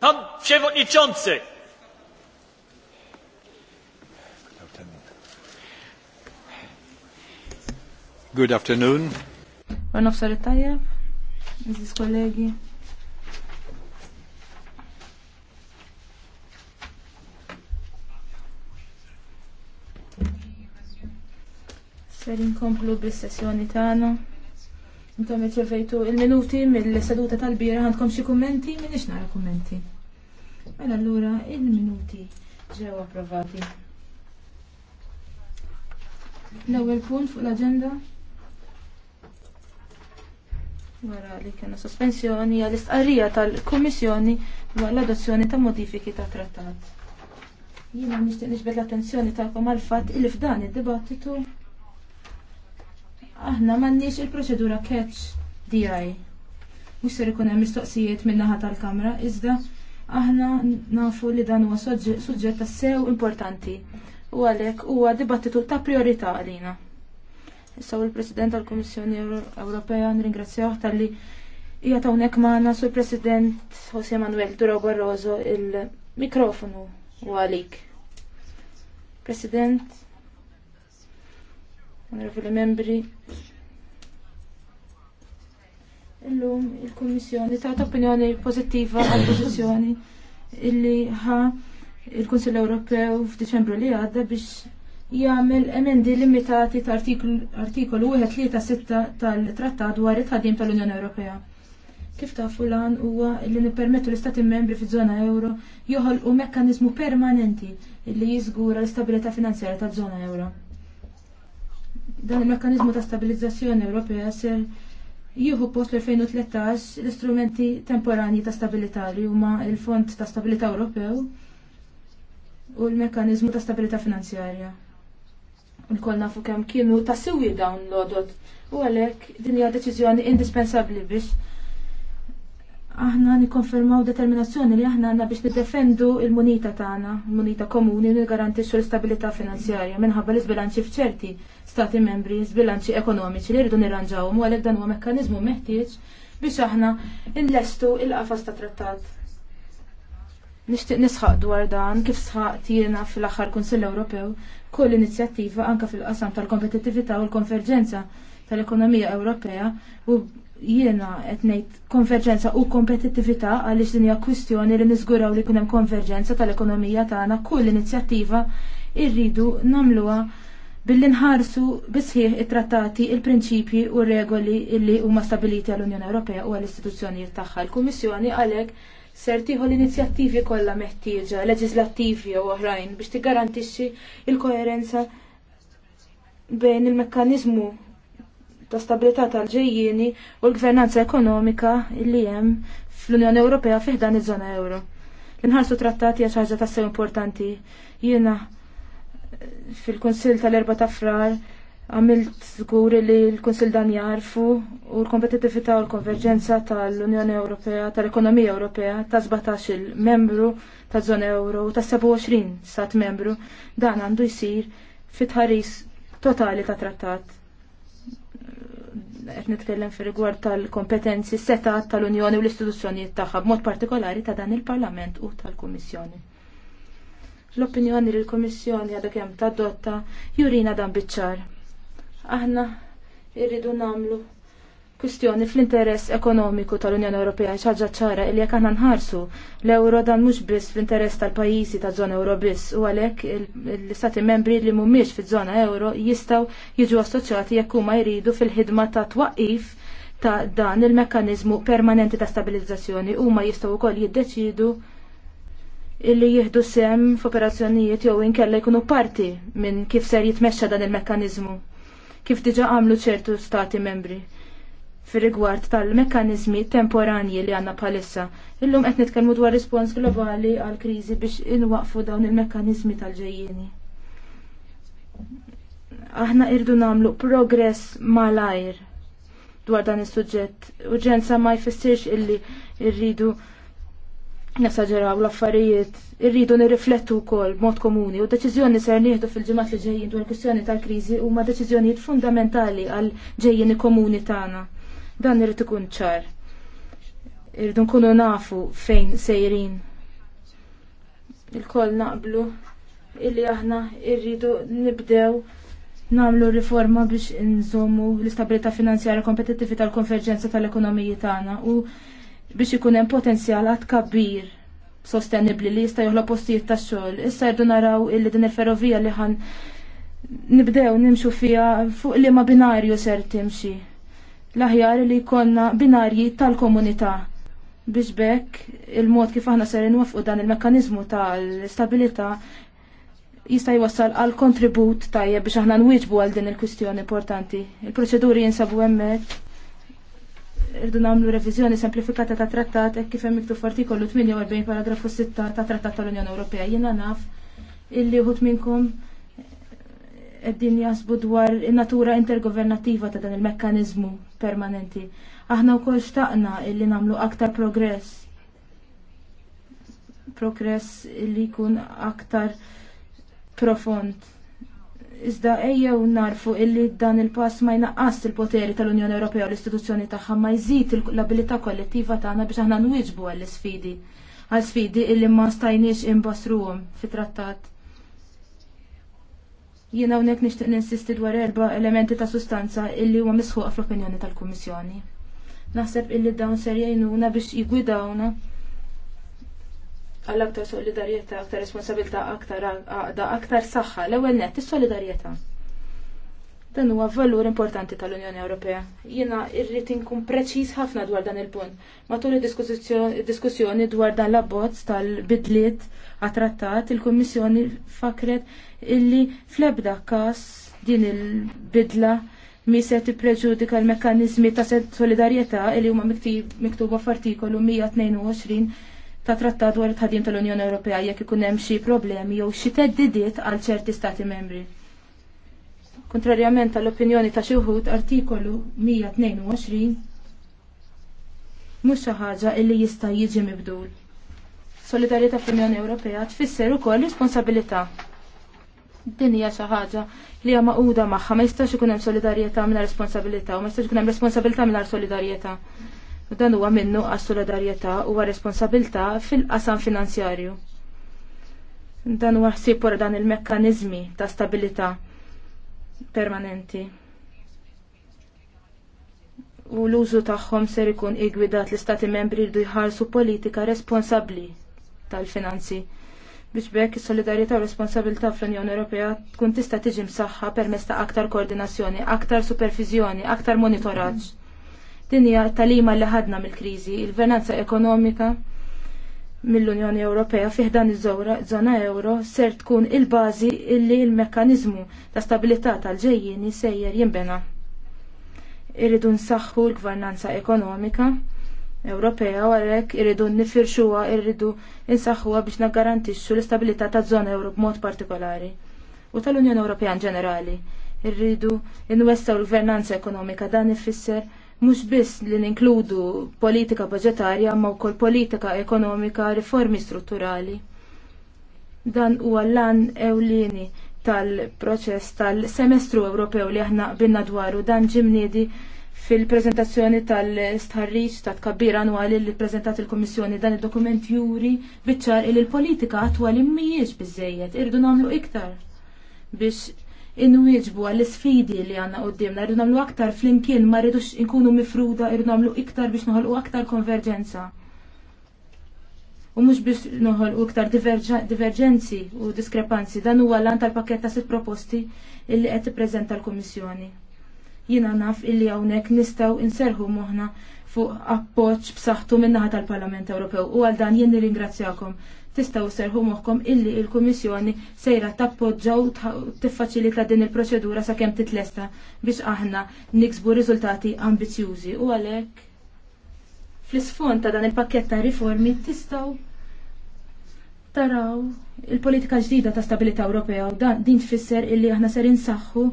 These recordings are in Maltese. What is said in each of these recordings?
Pan Przewodniczący! Good afternoon. Għan ufsar it-tajjeb, nżis kollegi. inkomplu bis-sessjoni tano. Intom irċevejtu il-minuti mill-seduta tal-bira għandkom xi kummenti minix nara kummenti. Mela allura il-minuti ġew approvati. L-ewwel punt fuq l-aġenda. Wara li kena sospensjoni għal istqarrija tal-Kummissjoni dwar l-adozzjoni ta' modifiki ta' trattat. Jina nixtieq nixbet l-attenzjoni tagħkom għal fatt li f'dan id-dibattitu aħna m'għandniex il-proċedura catch DI. Mhux ser ikun hemm mistoqsijiet min-naħa tal-Kamra, iżda aħna nafu li dan huwa suġġett tassew importanti u għalhekk huwa dibattitu ta' priorità għalina. Issaw il president tal-Kummissjoni Ewropea nringrazzjah tal-li hija hawnhekk magħna sur President José Manuel Duro Barroso il-mikrofonu u għalik. President, onorevoli membri. Illum il-Kummissjoni tat opinjoni pożittiva għal pożizzjoni illi ħa il-Kunsill Ewropew f'Diċembru li għadda biex jagħmel emendi limitati ta' artikolu 1.3.6 tal-Trattat dwar it-ħadim tal-Unjoni Ewropea. Kif tafu lan huwa li nippermettu l-Istati membri fiż-żona euro joħolqu mekkaniżmu permanenti li jiżgura l-istabilità finanzjarja ta żona euro. Dan il mekanizmu ta' stabilizzazzjoni Ewropea ser jieħu post l-2013 l-istrumenti temporani ta' stabilità li huma il-Fond ta' Stabilità Ewropew u l mekanizmu ta' stabilità finanzjarja. Nkoll nafu kemm kienu ta' siwi dawn l-odot u għalhekk din hija deċiżjoni indispensabbli biex aħna nikonfermaw determinazzjoni li aħna għanna biex nidefendu il-munita tagħna, munita komuni u nigarantixxu l-istabilità finanzjarja minħabba li sbilanċi f'ċerti stati membri, sbilanċi ekonomiċi li rridu nirranġawhom u għalhekk dan huwa mekkaniżmu meħtieġ biex aħna nlestu il-qafas ta' trattat. Nixtieq nisħaq dwar dan kif sħaqt jiena fl aħħar Kunsill Ewropew kull inizjattiva anke fil-qasam tal-kompetittività u l-konverġenza tal-ekonomija Ewropea u jiena qed ngħid konverġenza u kompetittività għaliex din hija kwistjoni li niżguraw li jkun hemm konverġenza tal-ekonomija tagħna kull inizjattiva irridu nagħmluha billi nħarsu bisħieħ it-trattati, il-prinċipji u regoli li huma stabiliti għall-Unjoni Ewropea u għall-istituzzjonijiet tagħha. Il-Kummissjoni għalhekk ser tieħu l-inizjattivi kollha meħtieġa leġislattivi u oħrajn biex tiggarantixxi l koerenza bejn il-mekkaniżmu ta' stabilità tal-ġejjieni u l-gvernanza ekonomika li hemm fl-Unjoni Ewropea fih dan iż-żona euro. L-inħarsu trattati għax ħaġa tassew importanti. Jiena eh, fil-Kunsill tal-erba ta' frar għamilt żgur li l-Kunsil dan jarfu u l-kompetitività u l-konverġenza tal-Unjoni Ewropea, tal-Ekonomija Ewropea, ta' 17 il-membru ta' zona euro u ta' 27 stat membru dan għandu jisir fit-ħaris totali ta' trattat qed nitkellem fir rigward tal-kompetenzi seta tal-Unjoni u l-istituzzjonijiet tagħha b'mod partikolari ta' dan il-Parlament u tal-Kummissjoni. L-opinjoni li l-Kummissjoni għadha kemm tadotta jurina dan biċ-ċar. Aħna irridu nagħmlu kwistjoni fl-interess ekonomiku tal-Unjoni Ewropea xaġa ċara li jekk aħna nħarsu l-euro dan mhux biss fl-interess tal-pajjiżi ta' żona euro biss u għalhekk l-istati membri li mhumiex fiż-żona euro jistgħu jiġu assoċjati jekk huma jridu fil-ħidma ta' twaqqif ta' dan il-mekkaniżmu permanenti ta' stabilizzazzjoni huma jistgħu wkoll jiddeċidu illi jieħdu sem f'operazzjonijiet jew inkella jkunu parti minn kif ser jitmexxa dan il-mekkaniżmu kif diġa għamlu ċertu stati membri fir rigward tal-mekkanizmi temporanji li għanna palissa. Illum qed nitkellmu dwar rispons globali għal kriżi biex inwaqfu dawn il-mekkanizmi tal-ġejjieni. Aħna irdu namlu progress malajr dwar dan is-suġġett. Urġenza ma jfissirx illi rridu nesagġeraw l-affarijiet, irridu nirriflettu wkoll b'mod komuni u deċiżjoni ser nieħdu fil-ġimgħat li ġejjin dwar kwistjoni tal-kriżi huma deċiżjonijiet fundamentali għal ġejjini komuni tagħna. Dan irid ikun ċar. Irridu nkunu nafu fejn sejrin. Il-koll naqblu illi aħna irridu nibdew namlu riforma biex nżommu l-istabilità finanzjarja kompetittivi tal-konverġenza tal-ekonomiji tagħna u biex ikun hemm potenzjal għad kabbir sostenibli li jista' joħloq postijiet tax-xogħol. Issa rdu naraw illi din il-ferrovija li ħan nibdew nimxu fija fuq li ma binarju ser timxi l-aħjar li jkollna binarji tal-komunità biex bekk il-mod kif aħna ser inwafqu dan il-mekkanizmu tal-stabilità jista' jwassal għal kontribut tajjeb biex aħna nwieġbu għal din il-kwistjoni importanti. Il-proċeduri jinsabu hemmhekk. Irdu nagħmlu reviżjoni semplifikata ta' trattat hekk kif hemm miktub f'artikolu 48 paragrafu 6 ta' Trattat tal-Unjoni Ewropea. Jiena naf illi uħut minnkom għeddin jasbu dwar natura intergovernativa ta' dan il-mekkanizmu permanenti. Aħna u koll xtaqna illi namlu aktar progress. Progress illi jkun aktar profond. Iżda ejjew narfu illi dan il-pass ma jnaqqas il-poteri tal-Unjoni Ewropea u l-istituzzjoni tagħha ma jżid l-abilità kollettiva tagħna biex aħna nwieġbu għall-sfidi għall sfidi illi ma stajniex imbasruhom fit-trattat Jiena hawnhekk nixtieq ninsisti dwar erba' elementi ta' sustanza illi huwa misħuqa fl-opinjoni tal-Kummissjoni. Naħseb illi dawn ser jgħinuna biex jigwidawna għall aktar solidarjetà, aktar responsabilità, aktar għaqda, aktar saħħa, l-ewwel nett is-solidarjetà. Dan huwa valur importanti tal-Unjoni Ewropea. Jiena irrid inkun preċiż ħafna dwar dan il-punt. Matul id-diskussjoni dwar dan l-abbozz tal-bidliet għatrattat trattat il-Kummissjoni fakret illi fl-ebda kas din il-bidla mi se tippreġudika l-mekkanizmi ta' solidarjetà illi huma miktuba f'artikolu 122 ta' trattat dwar tħadim tal-Unjoni Ewropea jekk ikun hemm xi problemi jew xi teddidiet għal ċerti stati membri. Kontrarjament tal-opinjoni ta' xi wħud artikolu 122 mhux xi ħaġa illi jista' jiġi mibdul. Solidarjetà fl-Unjoni Ewropea tfisser ukoll responsabilità. Din hija xi ħaġa li hija maquda magħha ma jistax ikun hemm solidarjetà mingħajr responsabilità u ma jistax ikun hemm responsabilità mingħajr solidarjetà. U dan huwa minnu għas solidarjetà huwa responsabilità fil-qasam finanzjarju. Dan huwa ħsieb wara dan il-mekkaniżmi ta' stabilità permanenti u l-użu tagħhom ser ikun igwidat l-istati membri jridu jħarsu politika responsabbli tal-finanzi biex bekk is-solidarjetà u responsabilità fl-Unjoni Ewropea tkun tista' tiġi msaħħa permezz ta' aktar koordinazzjoni, aktar supervizjoni, aktar monitoraġġ. Din hija talima li ħadna mill-kriżi, il-gvernanza ekonomika mill-Unjoni Ewropea fih dan iż-żona euro ser tkun il-bażi illi l-mekkaniżmu ta' stabilità tal-ġejjieni sejjer jinbena. Irridu nsaħħu l-gvernanza ekonomika Ewropea u għalhekk irridu nifirxuha, irridu insaħħuha biex naggarantixxu l-istabilità taż-żona Ewro b'mod partikolari u tal-Unjoni Ewropea in ġenerali. Irridu nwessaw l-gvernanza ekonomika dan ifisser mhux biss li ninkludu politika budġetarja ma wkoll politika ekonomika riformi strutturali. Dan huwa l-an ewlieni tal-proċess tal-semestru Ewropew li aħna binna dwaru dan ġimniedi fil-prezentazzjoni tal istħarriġ ta' tkabbir annwali li prezentat il komissjoni dan il-dokument juri biċċar il l-politika attwali mhijiex biżejjed irdu nagħmlu iktar biex inwieġbu għall sfidi li għanna għoddimna, irdu nagħmlu aktar flimkien ma rridux inkunu mifruda, irdu nagħmlu iktar biex noħolqu aktar konverġenza u mhux biex noħol u iktar diverġenzi u diskrepanzi dan huwa lan tal-pakket ta' sitt proposti illi qed tippreżenta l-Kummissjoni. Jina naf illi hawnhekk nistgħu inserħu moħna fuq appoġġ b'saħħtu min-naħa tal-Parlament Ewropew. u għal dan jien nirringrazzjakom. Tistgħu serħu moħħkom illi il-Kummissjoni sejra tappoġġaw tiffaċilita din il-proċedura sakemm titlesta biex aħna niksbu riżultati ambizjużi u għalhekk fl-isfond ta' dan il-pakket ta' riformi tistgħu taraw il-politika ġdida ta' stabilità Ewropea u dan din tfisser illi aħna ser insaħħu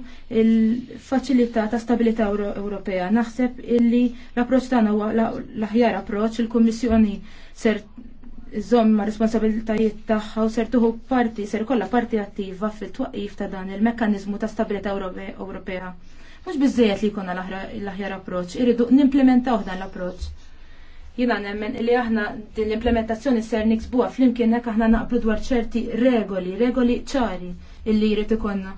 il-faċilità ta' stabilità Ewropea. Naħseb illi l-approċċ tagħna huwa l-aħjar approċċ il-Kummissjoni ser iżomm ma' responsabilitajiet tagħha u ser tuħu parti, ser kollha parti attiva fit-twaqif ta' dan il-mekkaniżmu ta' stabilità Ewropea. Mhux biżejjed li jkollna l-aħjar approċċ, irridu nimplementaw dan l-approċċ Jina nemmen li aħna din l-implementazzjoni ser niksbuha flimkien hekk aħna naqblu dwar ċerti regoli, regoli ċari illi jrid ikonna.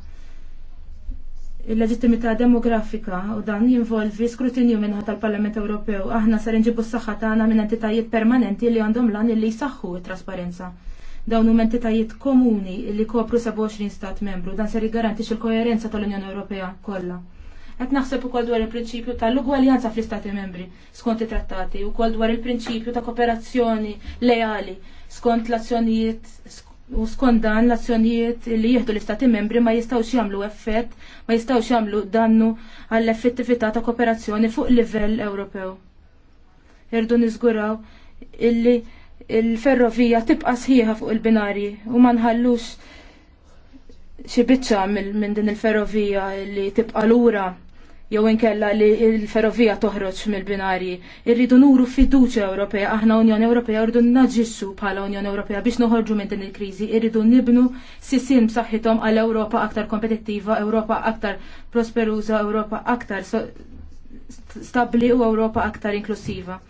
Il-leġittimità demografika u dan jinvolvi skrutinju minnħa tal-Parlament Ewropew. Aħna ser nġibu s-saħħa tagħna minn entitajiet permanenti li għandhom lan illi jsaħħu t-trasparenza dawn huma entitajiet komuni li kopru 27 stat membru dan ser jiggarantix il-koerenza tal-Unjoni Ewropea kollha. Qed naħseb ukoll dwar il-prinċipju tal-ugwaljanza fl-Istati membri skont it-trattati u kol dwar il-prinċipju ta' kooperazzjoni lejali skont l-azzjonijiet u skont dan l-azzjonijiet li jieħdu l-Istati membri ma jistgħux jagħmlu effett, ma jistgħux jagħmlu dannu għall-effettività ta' kooperazzjoni fuq livell Ewropew. Irdu niżguraw illi il-ferrovija tibqa sħiħa fuq il-binari u ma nħallux xi biċċa minn din il-ferrovija li tibqa lura jew inkella li l-ferrovija toħroġ mill-binarji. Irridu nuru fiduċja Ewropea, aħna Unjoni Ewropea rridu naġissu bħala Unjoni Ewropea biex noħorġu minn din il-kriżi, irridu nibnu sisin b'saħħithom għal Ewropa aktar kompetittiva, Ewropa aktar prosperuża, Ewropa aktar stabbli u Ewropa aktar inklusiva.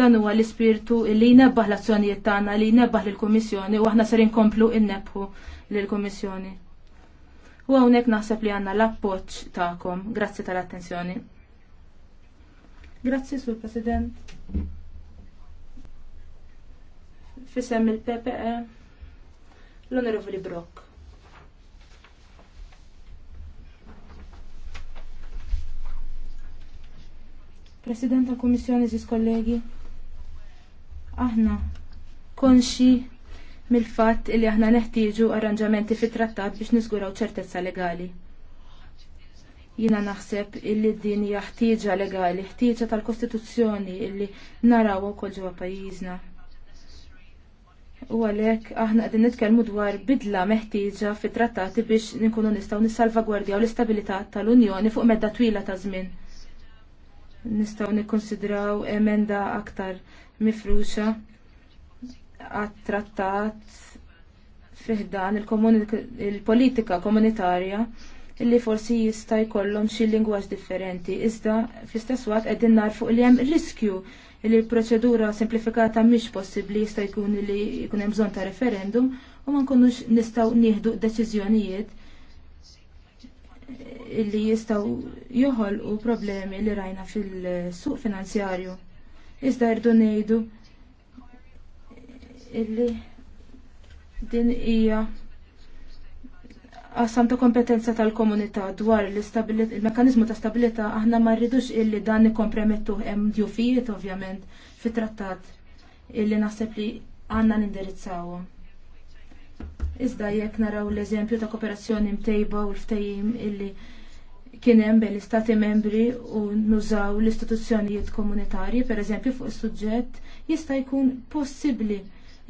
Dan huwa l-ispirtu li jnebbaħ l-azzjonijiet tagħna, li jnebbaħ lill-Kummissjoni u aħna ser inkomplu innebħu lill-Kummissjoni. U hawnhekk naħseb li għandna l-appoġġ tagħkom. Grazzi tal-attenzjoni. Grazzi, Sur President. Fisem il-PPE l-Onorevoli Brock. President tal-Kummissjoni, Zis kollegi, aħna konxi mill-fatt li aħna neħtieġu arranġamenti fit-trattat biex niżguraw ċertezza legali. Jina naħseb illi din hija ħtieġa legali, ħtieġa tal-Kostituzzjoni illi naraw ukoll ġewwa pajjiżna. U għalhekk aħna qegħdin nitkellmu dwar bidla meħtieġa fit-trattati biex nkunu nistgħu nissalvagwardjaw l-istabilità tal-Unjoni fuq medda twila ta' żmien. Nistgħu nikkonsidraw emenda aktar mifruxa għat-trattat fiħdan il-politika komunitarja illi forsi jista' jkollhom xi lingwaġġ differenti, iżda fl-istess waqt qegħdin narfu li hemm riskju li l-proċedura simplifikata mhix possibbli jista' jkun li jkun hemm bżonn ta' referendum u ma nkunux nistgħu nieħdu deċiżjonijiet illi jistgħu joħolqu problemi li rajna fil-suq finanzjarju. Iżda rdu ngħidu illi din hija qasam ta' kompetenza tal-komunità dwar il-mekanizmu ta' stabilità aħna ma rridux illi dan nikkompromettu hemm djufijiet ovvjament fit-trattat illi naħseb li għandna nindirizzawhom. Iżda jekk naraw l-eżempju ta' kooperazzjoni mtejba u l-ftehim illi kien hemm bejn l-istati membri u nużaw l-istituzzjonijiet komunitarji, pereżempju fuq is-suġġett, jista' jkun possibbli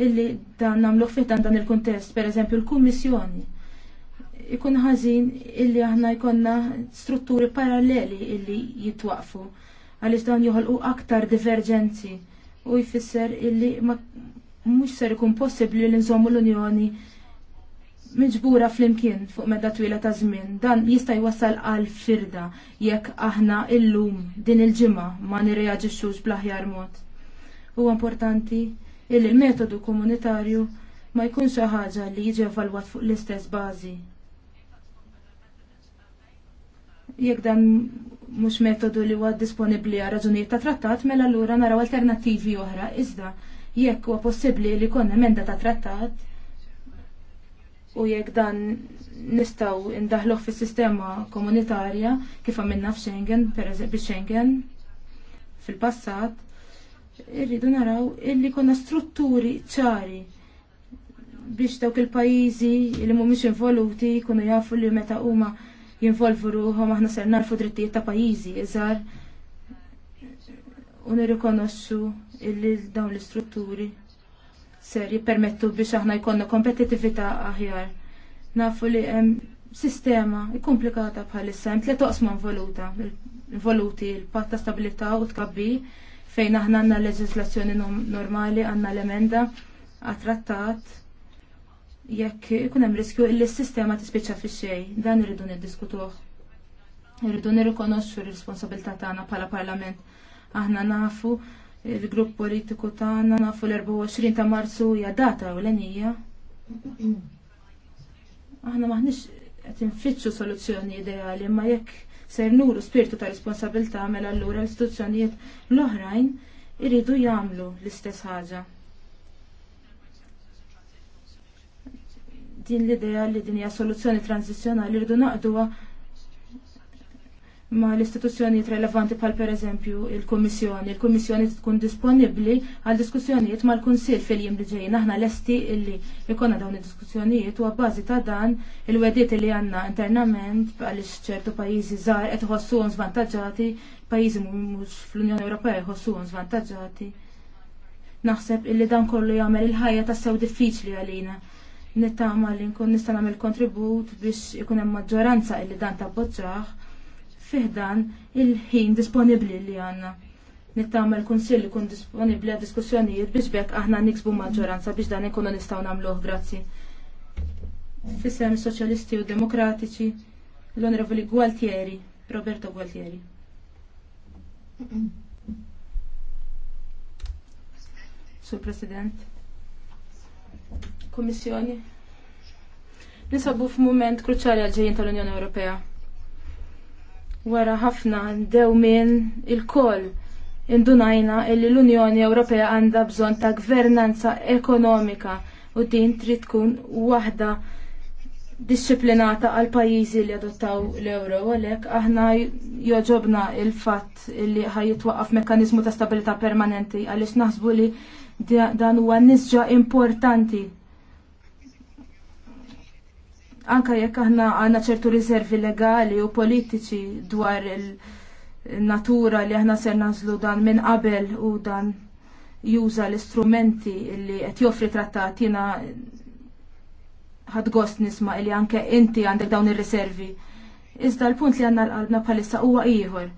illi dan namluħ fih dan dan il-kontest, per eżempju l-kummissjoni. Ikun ħażin illi aħna jkonna strutturi paralleli illi jitwaqfu għaliex dan joħolqu aktar divergenzi u jfisser illi ma mhux ser ikun possibbli li nżommu l-Unjoni miġbura flimkien fuq medda twila ta' żmien. Dan jista' jwassal għal firda jekk aħna illum din il-ġimgħa ma nirreaġixxux bl-aħjar mod. Huwa importanti illi l-metodu komunitarju ma jkunx xi ħaġa li jiġi evalwat fuq l-istess bażi. Jekk dan mhux metodu li huwa disponibbli għal raġunijiet ta' trattat, mela allura naraw alternattivi oħra iżda jekk huwa possibbli li jkun emenda ta' trattat u jekk dan nistgħu indaħluh fis-sistema komunitarja kif għamilna f'Schengen, bi Schengen fil-passat, irridu naraw illi konna strutturi ċari biex dawk il-pajizi li mhumiex involuti jkunu jafu li meta huma jinvolvu ruhom aħna ser narfu drittijiet ta' pajjiżi iżgħar u nirrikonoxxu illi dawn l-istrutturi ser jippermettu biex aħna jkollna kompetittività aħjar. Nafu li hemm sistema komplikata bħalissa hemm tliet oqsma involuta, involuti l-patt ta' stabilità u tkabbi fejn aħna għandna leġislazzjoni normali għandna l-emenda għat-trattat jekk ikun hemm riskju li s-sistema tispiċċa fix xej dan irridu niddiskutuh. Irridu nirrikonoxxu r-responsabilità tagħna bħala Parlament. Aħna nafu il-grupp politiku tagħna nafu l-24 ta' Marzu hija data ewlenija. Aħna maħniex qed fitxu soluzzjoni ideali, ma jekk ser nuru spiritu ta' responsabilta mela allura l-istituzzjonijiet l-oħrajn iridu jagħmlu l-istess ħaġa. Din l-idea li din hija soluzzjoni tranzizzjonali rridu naqduha ma l-istituzzjonijiet relevanti pal per eżempju il-Kummissjoni. Il-Kummissjoni tkun disponibbli għal diskussjonijiet mal kunsil fil jim li ġejjin. Aħna lesti illi ikonna dawn id-diskussjonijiet u għabbażi ta' dan il-wediet li għandna internament għaliex ċertu pajjiżi żgħar qed għon żvantaġġati, pajjiżi mhux fl-Unjoni Ewropea jħossuhom żvantaġġati. Naħseb illi dan kollu jagħmel il-ħajja tassew diffiċli għalina. Nittama li nkun nista' nagħmel kontribut biex ikun hemm maġġoranza illi dan tabboġġaħ fiħdan il-ħin disponibli li għanna. Nittama l-Kunsill kun disponibli għad diskussjonijiet biex bekk aħna niksbu maġġoranza biex dan ikonu nistaw namluħ, grazzi. Fissem Soċjalisti u Demokratiċi, l-Onorevoli Gualtieri, Roberto Gualtieri. Sur President. Komissjoni, Nisabu f'mument kruċali għal ġejjin tal-Unjoni Ewropea wara ħafna dewmien il-koll indunajna illi l-Unjoni Ewropea għandha bżonn ta' gvernanza ekonomika u din trid tkun waħda disciplinata għal pajjiżi li adottaw l-euro għalhekk aħna joġobna il-fatt li ħajjitwaqqaf mekkaniżmu ta' stabilità permanenti għaliex naħsbu li dan huwa nisġa importanti Anka jekk aħna għandna ċertu riservi legali u politiċi dwar il-natura li aħna ser nażlu dan minn qabel u dan juża l-istrumenti li qed joffri trattatina ħadgost nisma' li anke inti għandek dawn ir-riservi. Iżda l-punt li għandna l-qalbna bħalissa huwa ieħor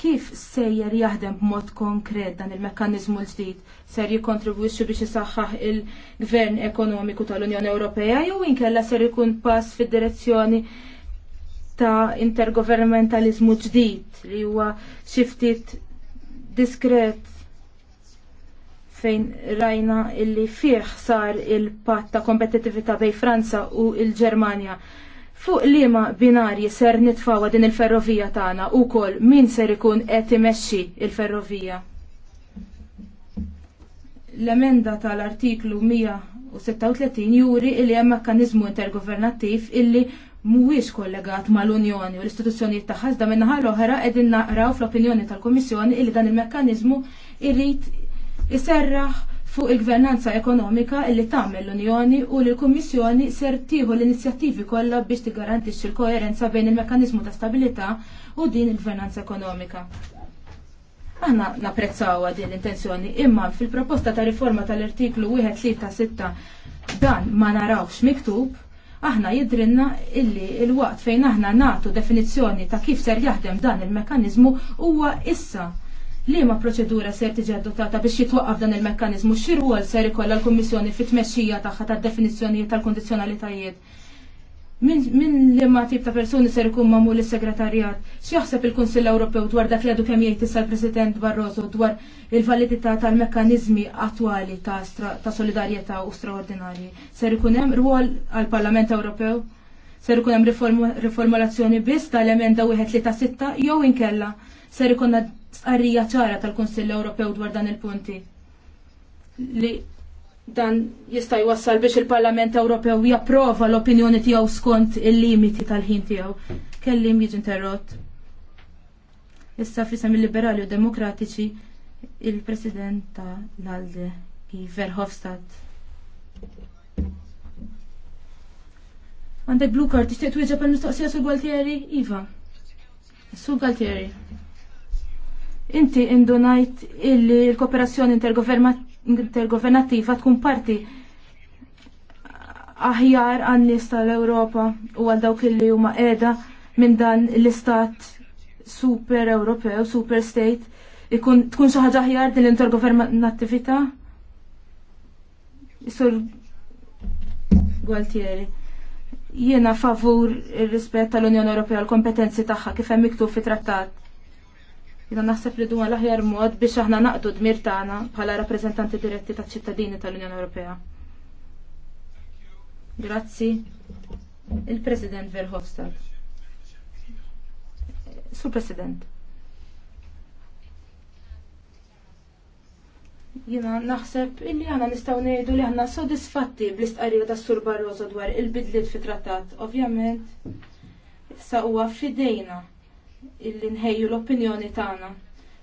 kif sejjer jaħdem b'mod konkret dan il-mekkanizmu l-ġdid ser jikontribwixxi biex isaħħaħ il-Gvern Ekonomiku tal-Unjoni Ewropea jew inkella ser ikun pass fid-direzzjoni ta' intergovernmentalizmu ġdid li huwa xi ftit diskret fejn rajna illi fih sar il-patt ta' kompetittività bejn Franza u l-Ġermanja Fuq liema binarji ser nitfawa din il-ferrovija tagħna kol min ser ikun qed imexxi il-ferrovija. L-emenda tal-artiklu 136 juri li hemm mekkaniżmu intergovernattiv illi mhuwiex kollegat mal-Unjoni u l-istituzzjonijiet tagħha iżda minnaħa l-oħra qegħdin naqraw fl-opinjoni tal-Kummissjoni illi dan il-mekkaniżmu irrid iserraħ fuq il-gvernanza ekonomika li tagħmel l-Unjoni u li l-Kummissjoni ser tieħu l-inizjattivi kollha biex tigarantixxi l-koerenza bejn il-mekkaniżmu ta' stabilità u din il-gvernanza ekonomika. Aħna napprezzawha din l-intenzjoni imma fil-proposta ta' riforma tal-artiklu 136 dan ma narawx miktub aħna jidrinna illi il-waqt fejn aħna natu definizzjoni ta' kif ser jaħdem dan il-mekanizmu huwa issa Li ma proċedura ser tiġi adottata biex jitwaqqaf dan il-mekkanizmu xiru għal ser ikolla l-Kummissjoni fit-tmexxija tagħha tad definizzjonijiet tal kundizzjonalitajiet Min, min li ma tip ta' persuni ser ikun mamul is-segretarjat, x'jaħseb il-Kunsill Ewropew dwar dak li għadu kemm jgħid issa l-President Barroso dwar il-validità tal-mekkaniżmi attwali ta', ta solidarjetà u straordinarji. Ser ikun hemm rwol għall-Parlament Ewropew? Ser ikun hemm riformulazzjoni biss tal-emenda wieħed li ta' sitta jew inkella ser ikun Tqarrija ċara tal-Kunsill Ewropew dwar dan il-punti. Li dan jista' jwassal biex il-Parlament Ewropew japprova l-opinjoni tiegħu skont il-limiti tal-ħin tiegħu. Kellim jiġi interrott. Issa f'isem il-Liberali u Demokratiċi il-President ta' l-Alde, Verhofstadt. Għandek blue card, tixtieq iġa għal mistoqsija su Gualtieri? Iva. Su Gualtieri. Inti indunajt illi l-kooperazzjoni intergovernattiva tkun parti aħjar għan-nies tal-Ewropa u għal dawk illi huma qiegħda minn dan l-istat super Ewropew, super state, ikun tkun xi ħaġa aħjar din l-intergovernattività? Sur Gualtieri. Jiena favur ir-rispett tal-Unjoni Ewropea l-kompetenzi tagħha kif hemm miktub fi trattat. Jina naħseb li duma l-aħjar mod biex aħna naqdu dmir tagħna bħala rappreżentanti diretti taċ ċittadini tal-Unjoni Ewropea. Grazzi. Il-President Verhofstadt. Sur President. jina naħseb illi għana nistgħu ngħidu li aħna sodisfatti bl-istqarrija ta' Sur Barroso dwar il-bidliet fi trattat. Ovvjament, sa' huwa fidejna illi nħejju l-opinjoni tagħna.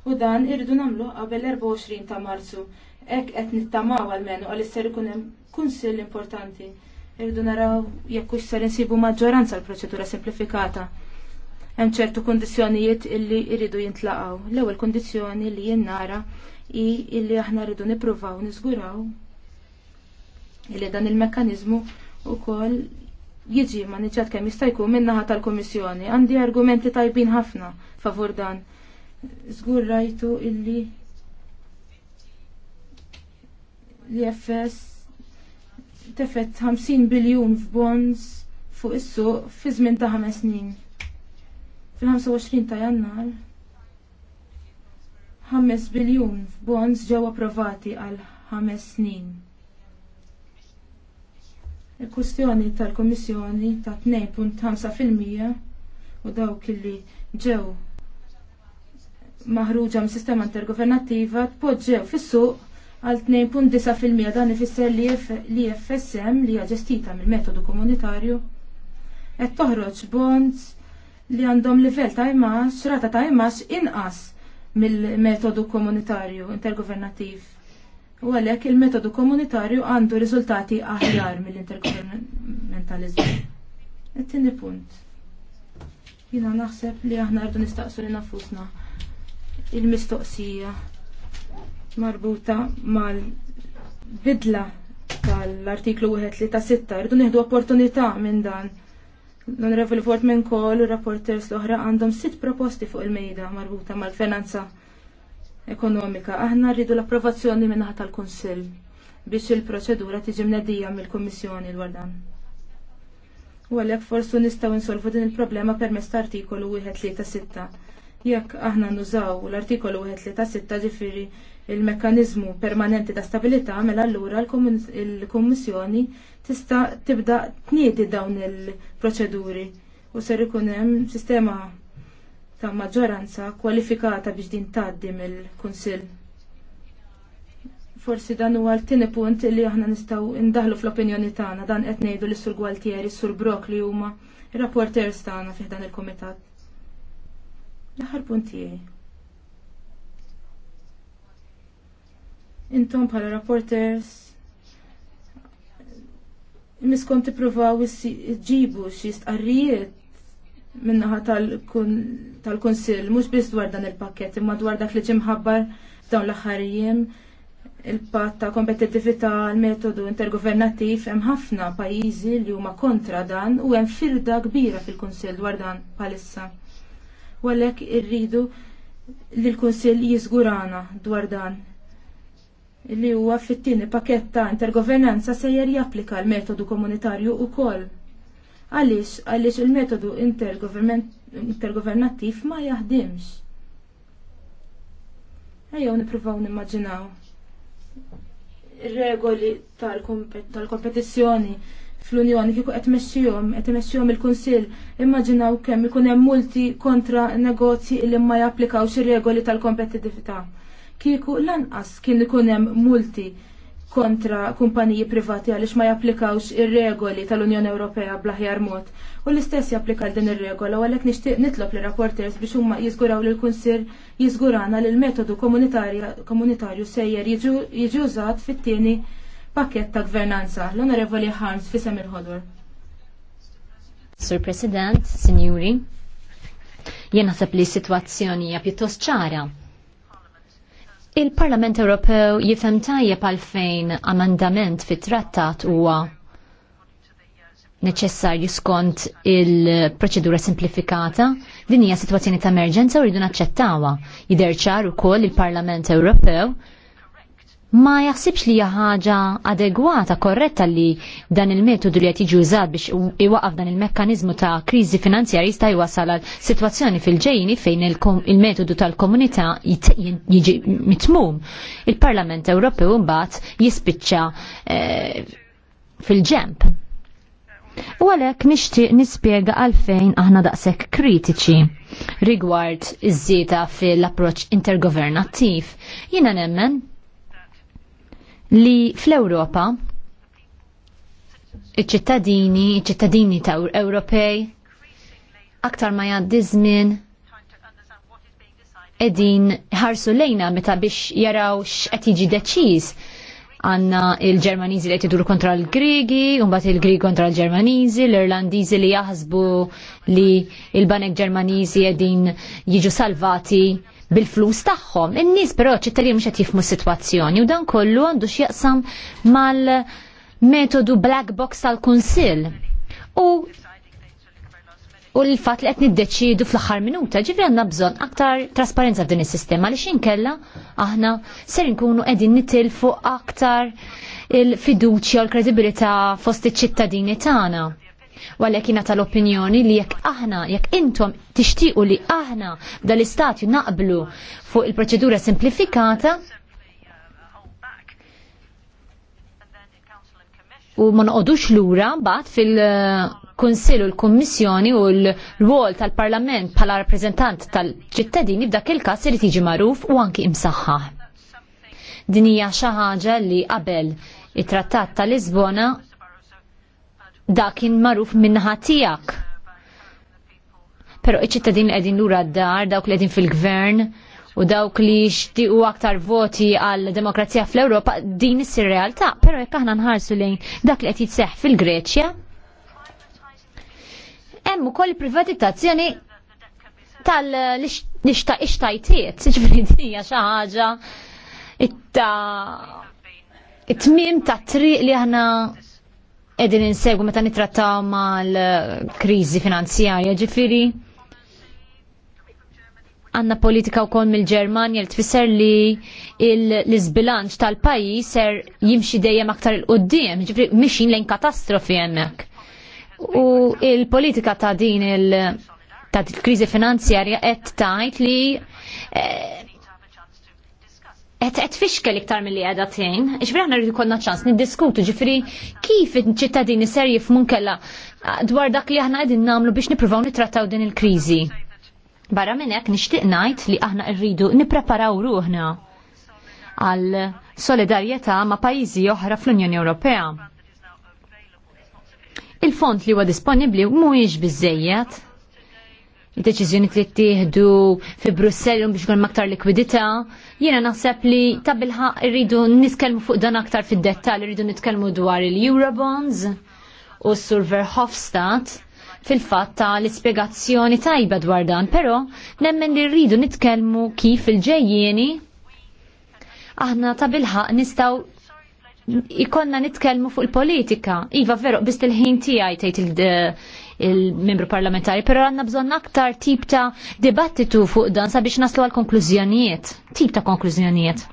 U dan irridu nagħmlu qabel 24 ta' Marzu. Hekk qed nittamaw għalmenu għal isser ikun hemm kunsill importanti. Irridu naraw jekk hux ser insibu maġġoranza l-proċedura simplifikata hemm ċertu kundizzjonijiet illi jridu jintlaqgħu. L-ewwel kundizzjoni li jien nara hi illi aħna rridu nippruvaw niżguraw illi dan il-mekkaniżmu wkoll jiġi maniġat kemm jista' jkun minnaħa tal-Kummissjoni. Għandi argumenti tajbin ħafna favur dan. Żgur rajtu illi l fs tefet 50 biljun f'bonds fuq is-suq fi żmien ta' ħames snin. Fil-25 ta' Jannar 5 biljun f'bonds ġew approvati għal ħames snin Il-kustjoni tal-Komissjoni ta' 2.5% u dawk li ġew maħruġa mis sistema intergovernattiva tpoġġew fis-suq għal 2.9% dan ifisser li FSM li hija ġestita mill-metodu komunitarju qed toħroġ bonds li għandhom livell ta' imax, rata ta' imax inqas mill-metodu komunitarju intergovernattiv U għalhekk il-metodu komunitarju għandu riżultati aħjar mill-intergovernmentalizmu. It-tieni punt. Jiena naħseb li aħna rdu nistaqsu li nafusna il-mistoqsija marbuta mal-bidla tal-artiklu 1 li ta' sitta rdu nieħdu opportunità minn dan. L-Onorevoli Fort minn kol, rapporters l-oħra għandhom sitt proposti fuq il-mejda marbuta mal-finanza ekonomika. Aħna rridu l-approvazzjoni min-naħa tal-Kunsill biex il-proċedura tiġi mnedija mill-Kummissjoni dwar dan. U għalhekk forsi nistgħu insolvu din il-problema permezz ta' artikolu 136. Jekk aħna nużaw l-artikolu 136 ġifieri il-mekkaniżmu permanenti ta' stabilità mela allura l-Kummissjoni tista' tibda tniedi dawn il-proċeduri u ser ikun hemm sistema ta' maġġoranza kwalifikata biex din tgħaddi mill-Kunsill. Forsi dan huwa l-tieni punt li aħna nistgħu indaħlu fl-opinjoni tagħna dan qed ngħidu lis sur Gualtieri, sur Brock li huma rapporters tagħna fih dan il-kumitat. L-aħħar punt tiegħi. Intom bħala rapporters miskom tippruvaw ġibu xi stqarrijiet minnaħa tal-Kunsill, mhux biss dwar dan il-pakket, imma dwar dak li ġimħabbar dawn l-aħħarijiem il-patt ta' kompetittività l-metodu intergovernattiv hemm ħafna pajjiżi li huma kontra dan u hemm firda kbira fil-Kunsill dwar dan palissa. U għalhekk irridu li l-Kunsill jiżgurana dwar dan li huwa fit-tieni pakett ta' intergovernanza sejjer japplika l-metodu komunitarju wkoll Għaliex għaliex il-metodu intergovernattiv ma jaħdimx. Ejjew nippruvaw nimmaġinaw. Regoli tal-kompetizzjoni fl-Unjoni kieku qed mexxihom, qed imexxihom il-Kunsill, immaġinaw kemm ikun hemm multi kontra negozji li ma japplikawx ir-regoli tal-kompetitività. Kieku lanqas kien ikun hemm multi kontra kumpaniji privati għaliex ma japplikawx ir-regoli tal-Unjoni Ewropea bl-aħjar mod. U l-istess japplika din ir-regola u għalhekk nixtieq nitlob li rapporters biex huma jiżguraw lil kunsill jiżgurana li l-metodu komunitarju sejjer jiġi użat fit-tieni pakket ta' gvernanza. L-Onorevoli Harms fisem il-ħodor. Sur President, Signori, jien naħseb li s-sitwazzjoni hija pjuttost ċara Il-Parlament Ewropew jifhem tajjeb għalfejn amandament fit-trattat huwa neċessarju skont il-proċedura simplifikata, din hija sitwazzjoni ta' emerġenza u rridu naċċettawha. Jidher ċar ukoll il-Parlament Ewropew ma jaħsibx li hija ħaġa adegwata, korretta li dan il-metodu li qed jiġi biex iwaqaf dan il-mekkaniżmu ta' kriżi finanzjarja jista' jwasal għal sitwazzjoni fil-ġejni fejn il-metodu tal-komunità jiġi mitmum. Il-Parlament Ewropew mbagħad jispiċċa eh, fil-ġemp. U għalhekk nixtieq nispjega għalfejn aħna daqshekk kritiċi rigward iż-żieda fil-approċċ intergovernattiv. Jiena nemmen li fl-Ewropa iċ-ċittadini, iċ-ċittadini ta' Ewropej aktar ma jgħaddi żmien edin ħarsu lejna meta biex jaraw x'qed jiġi deċiż għanna il-Ġermaniżi li jtiduru kontra l-Grigi, mbagħad il-Grigi kontra l-Ġermaniżi, l-Irlandiżi li jaħsbu li il-Banek Ġermaniżi qegħdin jiġu salvati bil-flus tagħhom. In-nies però ċittadini mhux qed jifmu s-sitwazzjoni u dan kollu għandu x'jaqsam mal-metodu black box tal-Kunsill. U u l-fat li qed niddeċidu fl-aħħar minuta, ġifri għandna bżonn aktar trasparenza f'din is-sistema li xinkella aħna ser nkunu qegħdin nitilfu aktar il-fiduċja u l-kredibilità fost iċ-ċittadini tagħna. Għalhekk jiena tal-opinjoni li jekk aħna, jekk intom tixtiequ li aħna dal-istati naqblu fuq il-proċedura simplifikata, u ma noqodux lura bat fil kunsill u l-Kummissjoni u l wol tal-Parlament bħala rappreżentant tal-ċittadini f'dak il-każ irid jiġi magħruf u anki imsaħħaħ. Din hija xi ħaġa li qabel it-Trattat tal Lisbona dak kien magħruf minnaħa tiegħek. Però iċ-ċittadin qegħdin lura d-dar, dawk li edin fil-gvern u dawk li xtiqu aktar voti għal demokrazija fl-Ewropa din issir realtà, però jekk aħna nħarsu lejn dak li qed jitseħħ fil-Greċja. Hemm ukoll privatizzazzjoni tal-ixta ixtajtiet, ġifri dinja xi ħaġa it-tmim ta' triq li aħna edin insegu meta nitrattaw mal-krizi finanzjarja ġifiri għanna politika u kon mill-Germania li tfisser li l-izbilanċ tal-pajis ser jimxi dejjem aktar il-qoddim, ġifiri mixin lejn katastrofi jemmek. U il-politika ta' din il- krizi finanzjarja qed tajt li eh, Et et fixkel iktar mill-li għedatjen, ġifri għanna rridu konna ċans niddiskutu ġifri kif ċittadini ser jifmun kella dwar dak li aħna għedin namlu biex niprofaw nitrattaw din il-krizi. Barra minnek nishtiq najt li aħna rridu nipreparaw ruħna għal solidarieta ma' pajizi oħra fl-Unjoni Ewropea. Il-font li huwa disponibli mhuwiex biżejjed deċiżjoni li ttieħdu fi Brussell biex ikun aktar likwidità, jiena naħseb li ta' bilħaq irridu nitkellmu fuq dan aktar fid-dettall, irridu nitkellmu dwar il-Eurobonds u s-Sur Verhofstadt fil-fatt ta' l-ispjegazzjoni tajba dwar dan, però nemmen li rridu nitkellmu kif il-ġejjieni aħna ta' bilħaq nistaw ikonna nitkellmu fuq il-politika. Iva vero, bist il-ħin tiegħi tgħid il-membru parlamentari, pero għanna bżon aktar tip ta' dibattitu fuq dan sabiex naslu għal konklużjonijiet, tip ta' konklużjonijiet.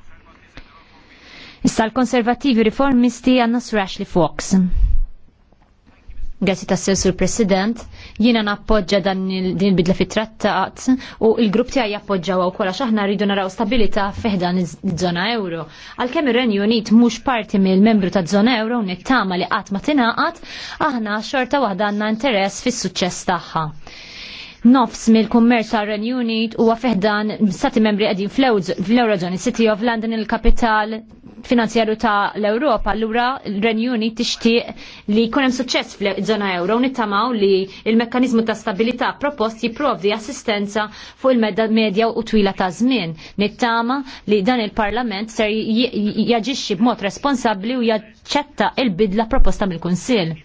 Issa l-konservativi riformisti għanna Ashley Fox. Grazzi ta' sew sur President, jiena nappoġġa dan din il-bidla fit trattat u il-grupp tiegħi jappoġġaw wkoll għax aħna rridu naraw stabilità fiħdan iż-żona euro. Għalkemm ir-Renju Unit mhux parti mill-membru ta' żona euro nittama li qatt ma tingħaqad, aħna xorta waħda għandna interess fis-suċċess tagħha nofs mill-kummerċ ta' renju Unit huwa fiħdan stati membri qegħdin fl-Eurozone, City of London il-kapital finanzjarju ta' l-Europa, allura l-Renjuni tixtieq li jkun hemm suċċess fl-żona euro nittamaw li il-mekkanizmu ta' stabilità propost jipprovdi assistenza fuq il medja u twila ta' żmien. Nittama li dan il-Parlament ser jaġixxi b'mod responsabbli u jaċċetta il-bidla proposta mill-Kunsill.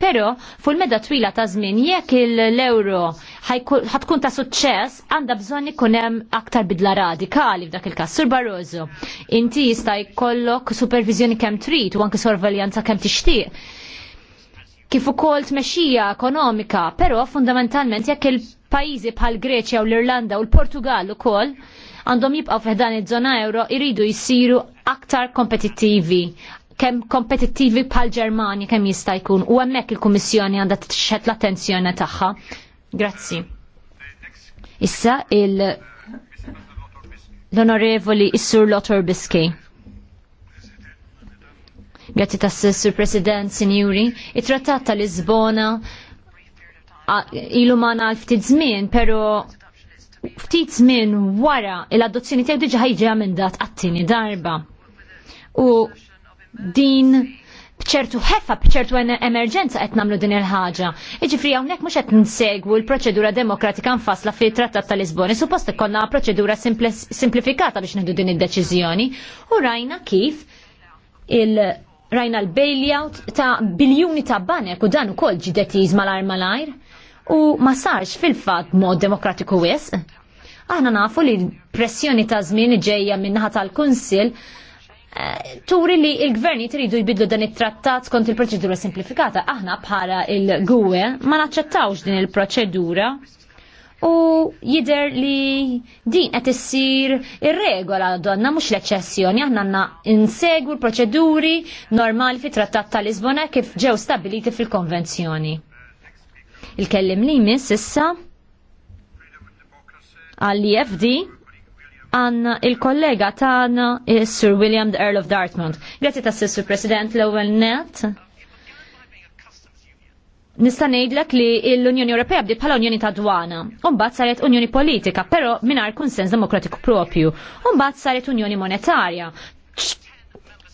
Pero fuq meda twila ta' żmien jekk l-euro ħatkun ta' suċċess għandha bżonn ikun hemm aktar bidla radikali f'dak il-każ. Sur Barroso, inti jista' jkollok supervizjoni kemm trid u anke sorveljanza kemm tixtieq kif ukoll tmexxija ekonomika, però fundamentalment jekk il-pajjiżi bħal Greċja u l-Irlanda u l-Portugal ukoll għandhom jibqgħu f'dan iż-żona euro jridu jsiru aktar kompetittivi, kemm kompetittivi pal ġermani kemm jista' jkun u hemmhekk il-Kummissjoni għandha tixħet l-attenzjoni tagħha. Grazzi. Issa il l-onorevoli Issur Lotor Biski. Grazzi tas-Sur President, Sinjuri. It-Trattat ta' Lisbona ilu ma naf ftit żmien, pero ftit żmien wara l-adozzjoni tiegħu diġà ħajġi dat għat-tieni darba. U din bċertu ħeffa, bċertu emerġenza qed nagħmlu din il-ħaġa. Iġifri hawnhekk mhux qed nsegwu l-proċedura demokratika nfasla fi trattat ta' Lisboni, suppost ikollna proċedura simplifikata biex nieħdu din id-deċiżjoni u rajna kif il- rajna l-bailout ta' biljuni ta' banek u dan ukoll ġidetiż mal malajr u ma sarx fil-fatt mod demokratiku wisq. Aħna nafu li pressjoni ta' żmien ġejja minnaħa tal-Kunsill turi li il-gverni tridu jbidlu dan it-trattat kont il-proċedura simplifikata. Aħna bħala il-gwe ma naċċettawx din il-proċedura u jider li din qed issir ir-regola donna mhux l-eċċessjoni aħna għandna insegwu l-proċeduri normali fi trattat tal-Lisbona kif ġew stabiliti fil-konvenzjoni. Il-kellim li jmiss issa għall-IFD għanna il-kollega tagħna Sir William the Earl of Dartmouth. Grazzi ta' Sir President l-ewwel net. Nista' ngħidlek li l-Unjoni Ewropea bdiet bħala Unjoni ta' Dwana, u mbagħad saret Unjoni Politika, però mingħajr kunsens demokratiku propju, u mbagħad saret Unjoni Monetarja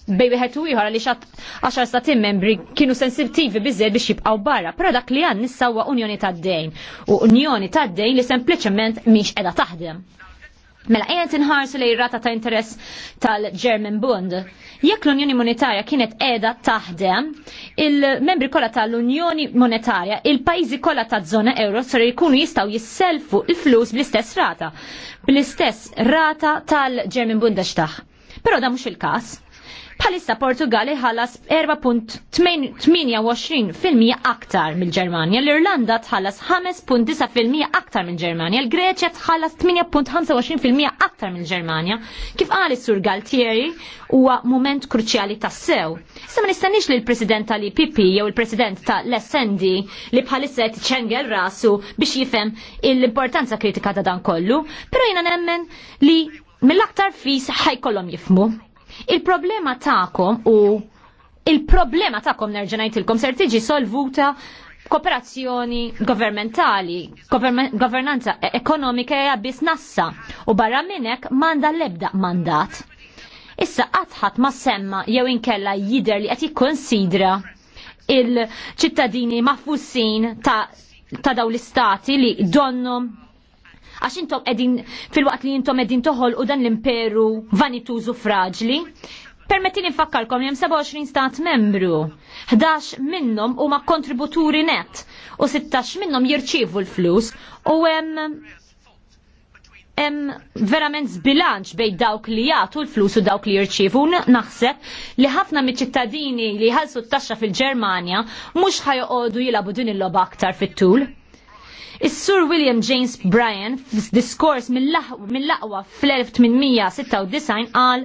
bej wieħed u ieħor għaliex għaxar stati membri kienu sensittivi biżżejjed biex jibqgħu barra, però dak li għandna huwa unjoni tad-dejn u unjoni tad-dejn li sempliċement mhix qiegħda taħdem. Mela, għajet inħarsu li rata ta' interess tal-German Bund. Jekk l-Unjoni Monetarja kienet edha taħdem, il-membri kolla tal-Unjoni Monetarja, il-pajzi kolla ta' zona euro, sar jkunu jistaw jisselfu il-flus bl-istess rata. Bl-istess rata tal-German Bundestag. Pero da mux il-kas. Palissa Portugali ħallas 4.28% aktar mill-Ġermanja, l-Irlanda tħallas 5.9% aktar mill-Ġermanja, l-Greċja tħallas 8.25% aktar mill-Ġermanja. Kif qal sur Galtieri huwa moment kruċjali tas-sew. Issa ma nistanniex li l-President tal-IPP jew il-President tal-SND li bħalissa qed ċengel rasu biex jifhem l-importanza kritika ta' dan kollu, però jiena nemmen li mill-aktar fis ħajkollhom jifmu Il-problema ta'kom u il-problema ta'kom nerġenajtilkom ser tiġi solvuta kooperazzjoni governmentali, governanza e-, ekonomika hija biss nassa u barra minnek manda l-ebda mandat. Issa għatħat ma semma jew inkella jider li qed jikkonsidra il-ċittadini mafussin ta' ta' daw l-istati li donnom Għax intom edin, fil-waqt li intom edin toħol u dan l-imperu vanitużu fraġli, permettini nifakkarkom jem 27 stat membru, 11 minnom huma kontributuri net u 16 minnom jirċivu l-flus u hemm hemm verament zbilanċ bejn dawk li jagħtu l-flus u dawk li jirċievu. Naħseb li ħafna miċ-ċittadini li jħallsu t-taxxa fil-Ġermanja mhux ħajoqogħdu jilagħbu din il-logħba aktar fit-tul. Is-Sur William James Bryan f'diskors mill-aqwa fl-1896 qal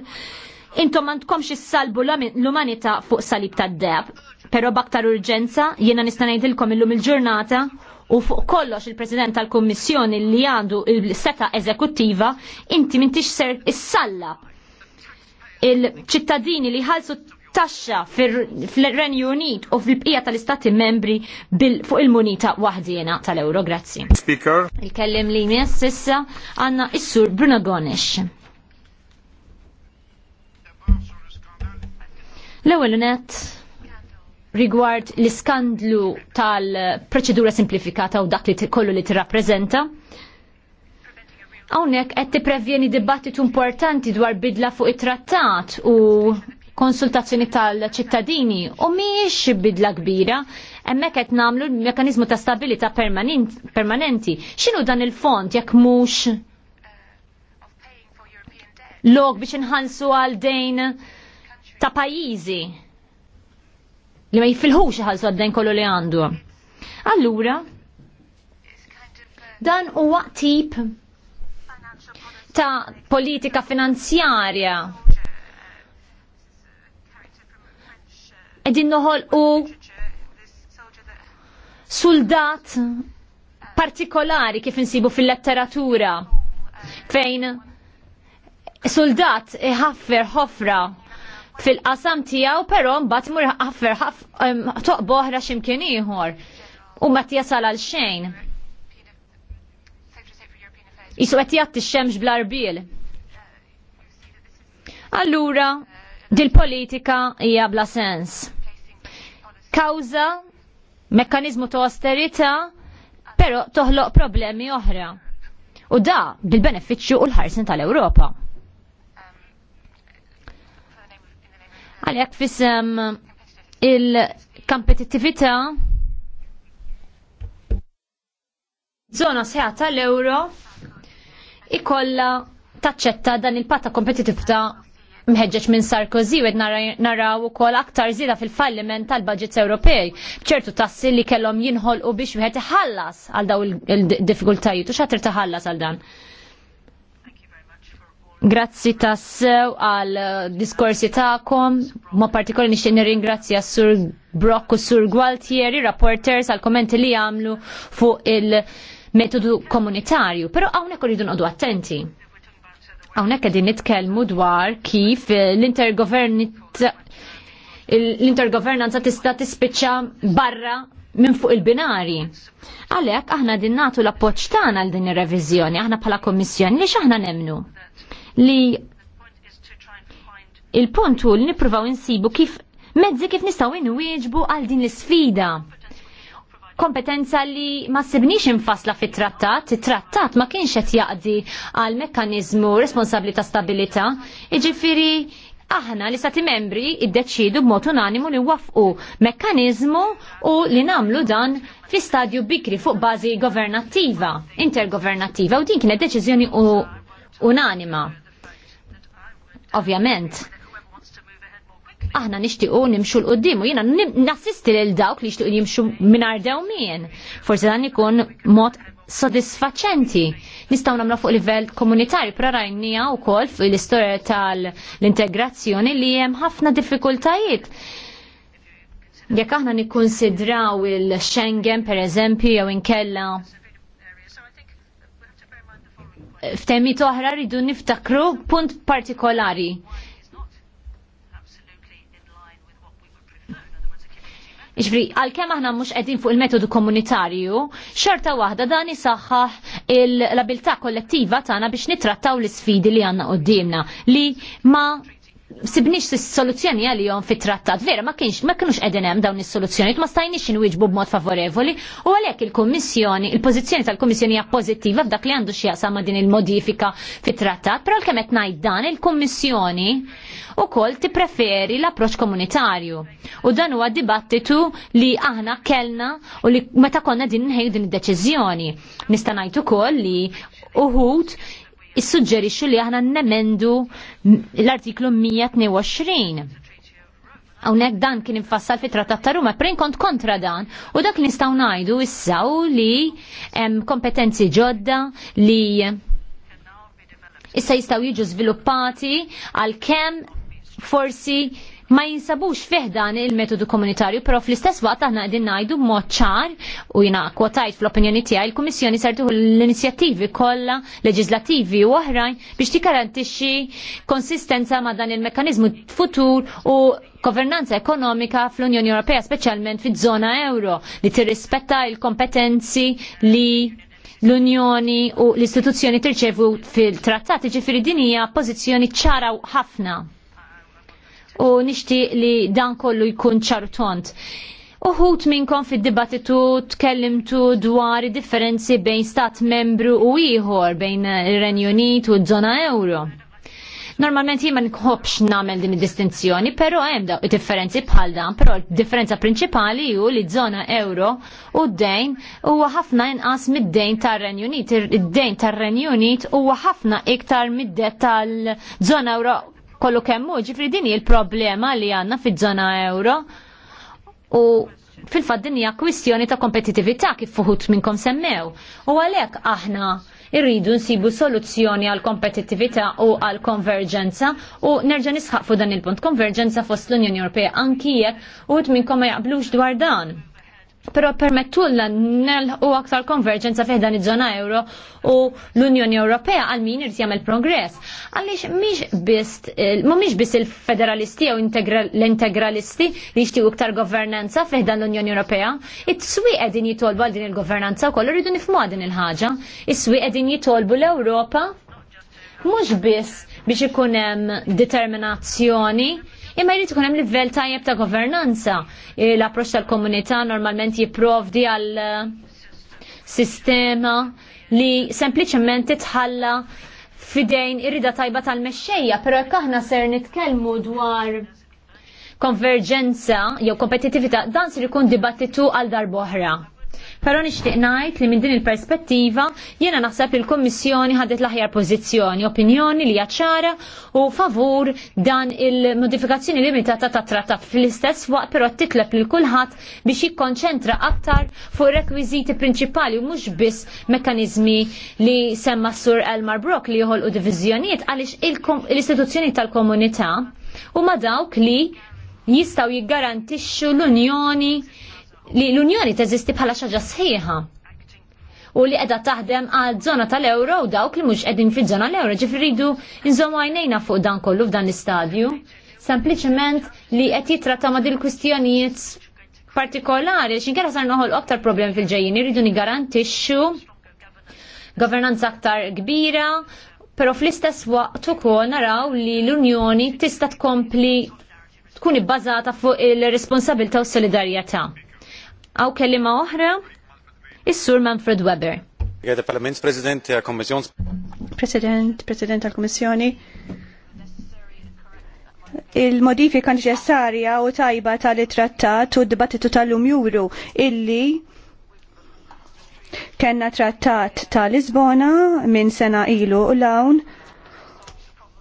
intom għandkomx issalbu l-umanità fuq salib tad-deb. Però baktar urġenza jiena nista' ngħidilkom illum il-ġurnata u fuq kollox il-President tal-Kummissjoni li għandu il-seta eżekuttiva inti mintix ser issalla il-ċittadini li ħalsu taxxa fil-Renju Unit u fil-bqija tal-Istati membri fuq il-munita waħdiena tal-Euro. Grazzi. Speaker. Il-kellim li jmiss sissa għanna issur Bruno Gonesh. L-ewwel net rigward l-iskandlu tal-proċedura simplifikata u dak li kollu li tirrappreżenta. Hawnhekk qed prevjeni dibattitu importanti dwar bidla fuq it-trattat u konsultazzjoni tal-ċittadini u miex bidla kbira, emmek qed namlu l-mekanizmu ta' stabilita permanenti. X'inhu dan il-fond jekk mhux log biex inħansu għal dejn ta' pajjiżi li ma jifilħux iħallsu għal dejn kollu li għandu. Allura, dan huwa tip ta' politika finanzjarja Edin noħol u soldat partikolari kif insibu fil-letteratura fejn soldat iħaffer ħofra fil-qasam tijaw pero mbagħad mur ħaffer toqboħra x'imkien ieħor u ma jasal għal xejn. Isu qed jatti x-xemx bl-arbil. Allura, dil-politika hija bla sens kawża mekkaniżmu ta' austerità pero toħloq problemi oħra. U da bil-benefiċċju u l-ħarsin tal-Ewropa. Għalhekk fissem il-kompetittività zona seħa tal-euro ikolla taċċetta dan il-patta kompetitività mħeġġeġ minn Sarkozy u naraw ukoll aktar zida fil-falliment tal-budgets Ewropej. ċertu tassi li kellhom jinħolqu biex wieħed iħallas għal daw il-diffikultajiet u xatir taħallas għal dan. Grazzi tassew għal eh, diskorsi ta'kom, ma partikoli nixtieq nirringrazzja Sur Brock u Sur Gualtieri, rapporters għal kommenti li għamlu fuq il-metodu komunitarju, pero hawnhekk irridu għadu attenti Hawnhekk qegħdin nitkellmu dwar kif eh, l-intergovernanza tista' tispiċċa barra minn fuq il-binari. Għalhekk aħna din nagħtu l-appoġġ tagħna għal din ir-reviżjoni, aħna bħala kommissjoni li aħna nemnu li il-punt hu li nippruvaw insibu kif mezzi kif nistgħu inwieġbu għal din l-isfida kompetenza li ma sibnix infasla fit trattat it-trattat ma kienx qed jaqdi għal mekkaniżmu responsabbli ta' stabilità, jiġifieri aħna li stati membri iddeċidu b'mod unanimu li waffqu mekkaniżmu u li namlu dan fi stadju bikri fuq bażi governattiva, intergovernattiva u din kienet deċiżjoni unanima. Ovvjament, aħna nixtiequ nimxu l qudiem u jiena nassisti lil dawk li jixtiequ jimxu mingħajr dewmien. Forsi dan ikun mod sodisfaċenti. Nistgħu nagħmlu fuq livell komunitarju, però rajnija wkoll l istorja tal-integrazzjoni li hemm ħafna diffikultajiet jekk aħna nikkonsidraw il-Schengen per eżempju jew inkella f'temmi toħra rridu niftakru punt partikolari Ġifri, għal-kem aħna mux għedin fuq il-metodu komunitarju, xorta wahda dan isaħħaħ l-abilta kollettiva tagħna biex nitrattaw l-sfidi li għanna għoddimna, li ma sibniex soluzzjoni għalihom fit-trattat. Vera, ma kienx ma kienux qegħdin hemm dawn is-soluzzjonijiet, ma stajniex inwieġbu b'mod favorevoli u għalhekk il-Kummissjoni, il-pożizzjoni tal-Kummissjoni hija pozittiva f'dak li għandu xi jaqsam din il-modifika fit-trattat, pero l-kemm qed ngħid dan il-Kummissjoni ti tippreferi l-approċċ komunitarju. U dan huwa dibattitu li aħna kellna u li meta konna din nħejju din id-deċiżjoni. Nista' ngħid ukoll li uħut issuġġerixxu li aħna nemendu l-artiklu 122. Hawnhekk dan kien infassal fi trattat ta' Ruma, prejn kont kontra dan, u dak li nistgħu ngħidu issa li hemm kompetenzi ġodda li issa jistgħu jiġu żviluppati għal kemm forsi ma jinsabux fiħdan il-metodu komunitarju, pero fl-istess waqt aħna qegħdin ngħidu b'mod ċar u jina kwotajt fl-opinjoni tiegħi il-Kummissjoni sartuħu l-inizjattivi kollha leġislattivi u oħrajn biex tikarantixxi konsistenza ma' dan il-mekkaniżmu futur u governanza ekonomika fl-Unjoni Ewropea, speċjalment fiż zona euro, li tirrispetta il-kompetenzi li l-Unjoni u l-istituzzjoni tirċevu fil-trattati ġifiri dinija pożizzjoni ċara u ħafna u nixtieq li dan kollu jkun ċartont. Uħut minnkom fid-dibattitu tkellimtu dwar differenzi bejn stat membru u ieħor bejn ir-Renju Unit u z-zona euro. Normalment jien ma nħobx nagħmel din id-distinzjoni, però hemm id differenzi bħal dan, però differenza prinċipali hu li żona euro u d-dejn huwa ħafna inqas mid-dejn tar-Renju Unit. Id-dejn tar-Renju Unit huwa ħafna iktar mid-dejn tal-żona euro kollu kemmu, ġifri dini il-problema li għanna fi żona euro u fil-fat din hija kwistjoni ta' kompetitività kif fuħut minnkom semmew. U għalhekk aħna irridu nsibu soluzzjoni għal kompetittività u għal konverġenza u nerġa' nisħaq fuq dan il-punt konverġenza fost l-Unjoni Ewropea anki jekk u minnkom ma jaqblux dwar dan. Pero permettulla u aktar konverġenza fih dan iż-żona euro u l-Unjoni Ewropea għal min irid jagħmel progress. Għaliex mhix biss eh, mhumiex biss il-federalisti jew l-integralisti li jixtiequ iktar governanza fih dan l-Unjoni Ewropea, it-swieq qegħdin jitolbu għal din il-governanza wkoll irridu nifhmu din il-ħaġa. Is-swieq qegħdin jitolbu l-Ewropa mhux biss biex ikun hemm determinazzjoni imma jrid ikun hemm livell tajjeb ta' governanza. E, L-approċċ tal-komunità normalment jipprovdi għal e, sistema li sempliċement titħalla fidejn irrida tajba tal-mexxejja, però jekk aħna ser nitkellmu dwar konverġenza jew kompetitività dan sir ikun dibattitu għal darboħra. Però nixtieq ngħid li minn din il-perspettiva jiena naħseb li l-Kummissjoni ħadet l-aħjar pożizzjoni, opinjoni li ċara u favur dan il-modifikazzjoni limitata ta' trattat fl-istess waqt però titleb lil kulħadd biex jikkonċentra aktar fuq ir-rekwiżiti prinċipali u mhux biss mekkaniżmi li semma Sur Elmar Brock li joħolqu diviżjonijiet għaliex l-istituzzjoni tal-komunità u ma dawk li jistaw jiggarantixxu l-unjoni li l-Unjoni teżisti bħala xaġa sħiħa u li qiegħda taħdem għal żona tal-euro u dawk li mhux qegħdin fiż-żona l-euro ġifridu jridu għajnejna fuq dan kollu f'dan l-istadju. Sempliċement li qed jitratta ma' dil kwistjonijiet partikolari x'inkera sar noħol aktar problemi fil-ġejjin irridu nigarantixxu governanza aktar kbira, pero fl-istess waqt ukoll naraw li l-Unjoni tista' tkompli tkun ibbażata fuq il-responsabilta u s-solidarjetà Aw kellima oħra, is-Sur Manfred Weber. Parlament, President, President, President tal komissjoni Il-modifika neċessarja u tajba tal-trattat u d-dibattitu tal-lum juru illi kenna trattat tal-Lisbona minn sena ilu u lawn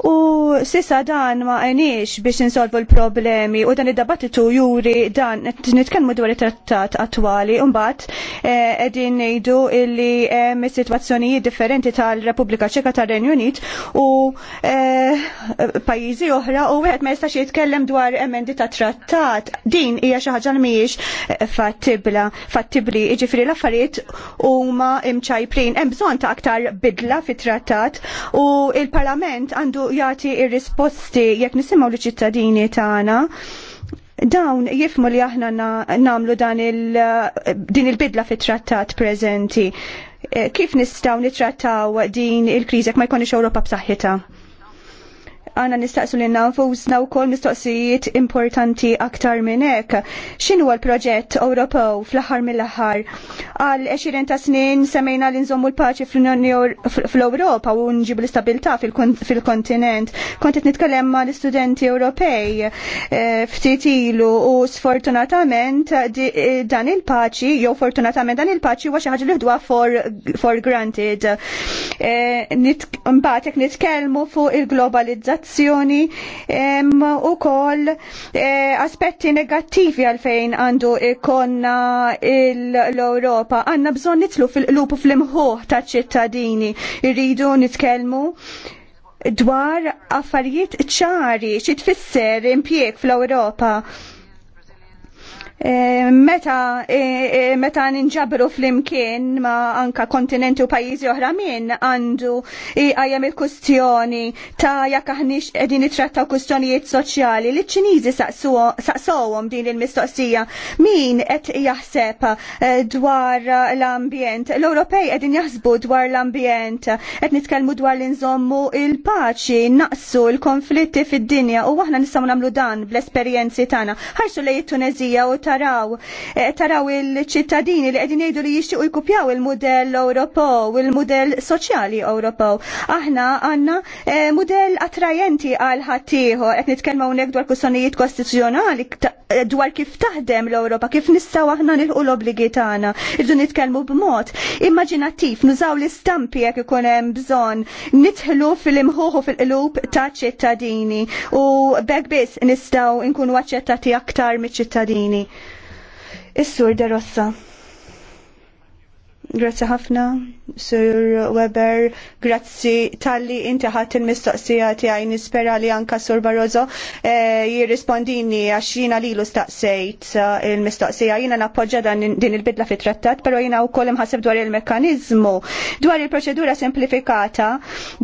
U sissa dan ma għenix biex insolvu l-problemi u dan id-dabattitu juri dan nitkellmu dwar it-trattat attwali u mbagħad qegħdin eh, ngħidu illi hemm sitwazzjonijiet differenti tal-Repubblika Ċeka tar-Renju Unit u eh, pajjiżi oħra u wieħed ma jistax jitkellem dwar emendi ta' trattat. Din hija xi ħaġa li mhijiex eh, fattibla, fattibli, jiġifieri l-affarijiet huma imċajprin. Hemm bżonn ta' aktar bidla fit-trattat u il-Parlament għandu jagħti il risposti jekk nisimgħu li ċittadini tagħna dawn jifmu li aħna namlu dan il, din il-bidla fit trattat prezenti. Eh, kif nistaw nitrattaw din il-kriżek ma jkunix Ewropa b'saħħitha? għana nistaqsu li nanfusna u kol mistoqsijiet importanti aktar minnek. Xinu għal-proġett Ewropew fl-ħar mill-ħar? Għal 20 ta' snin semmejna li nżommu l-paċi fl-Europa u nġibu l-istabilta fil-kontinent. Kontet nitkellem ma' l-studenti Ewropej eh, ftitilu u sfortunatament eh, dan il-paċi, jew fortunatament dan il-paċi wa ħagġa li ħdwa for granted. Eh, Mbatek jekk nitkellmu fuq il-globalizzazzjoni l-innovazzjoni u kol eh, aspetti negattivi għalfejn għandu ikonna l-Europa. Għanna bżon nitlu fil-qlub fl-imħuħ ta' ċittadini. Irridu nitkelmu dwar affarijiet ċari xi tfisser impjieg fl-Ewropa Eh, meta eh, eh, meta ninġabru flimkien ma anka kontinenti u pajjiżi oħra min għandu għajem il-kustjoni ta' jekk aħniex qegħdin nittrattaw kustjonijiet soċjali li ċiniżi saqsowhom din il-mistoqsija min qed jaħseb dwar l-ambjent. L-Ewropej qegħdin jaħsbu dwar l-ambjent, qed nitkellmu dwar li nżommu il-paċi, naqsu l-konflitti fid-dinja u aħna nistgħu nagħmlu dan bl-esperjenzi tagħna. Ħarsu lejn it-Tunezija u ta' taraw eh, taraw il-ċittadini li qegħdin jgħidu li jixtiequ jkupjaw il-mudell Ewropew, il-mudell soċjali Ewropew. Aħna għandna eh, mudell attrajenti għal ħaddieħor qed nitkellmu hawnhekk dwar kwistjonijiet kostituzzjonali eh, dwar kif taħdem l-Ewropa, kif nistgħu aħna nilħu l-obligi tagħna. Irdu nitkellmu b'mod immaġinattiv, nużaw l-istampi jekk ikun hemm bżonn, nidħlu fil-imħuħu fil-qlub ta' ċittadini u bekk biss nistgħu nkunu aċċettati aktar miċ-ċittadini. Is-Sur De Rossa. Grazzi ħafna, Sur Weber, grazzi tal-li inti ħadd il-mistoqsija tiegħi nispera li anka Sur Barroso eh, jirrispondini għax jiena lilu staqsejt eh, il-mistoqsija. Jiena nappoġġa din il-bidla fit-trattat, però jiena wkoll imħaseb dwar il-mekkaniżmu. Dwar il-proċedura semplifikata,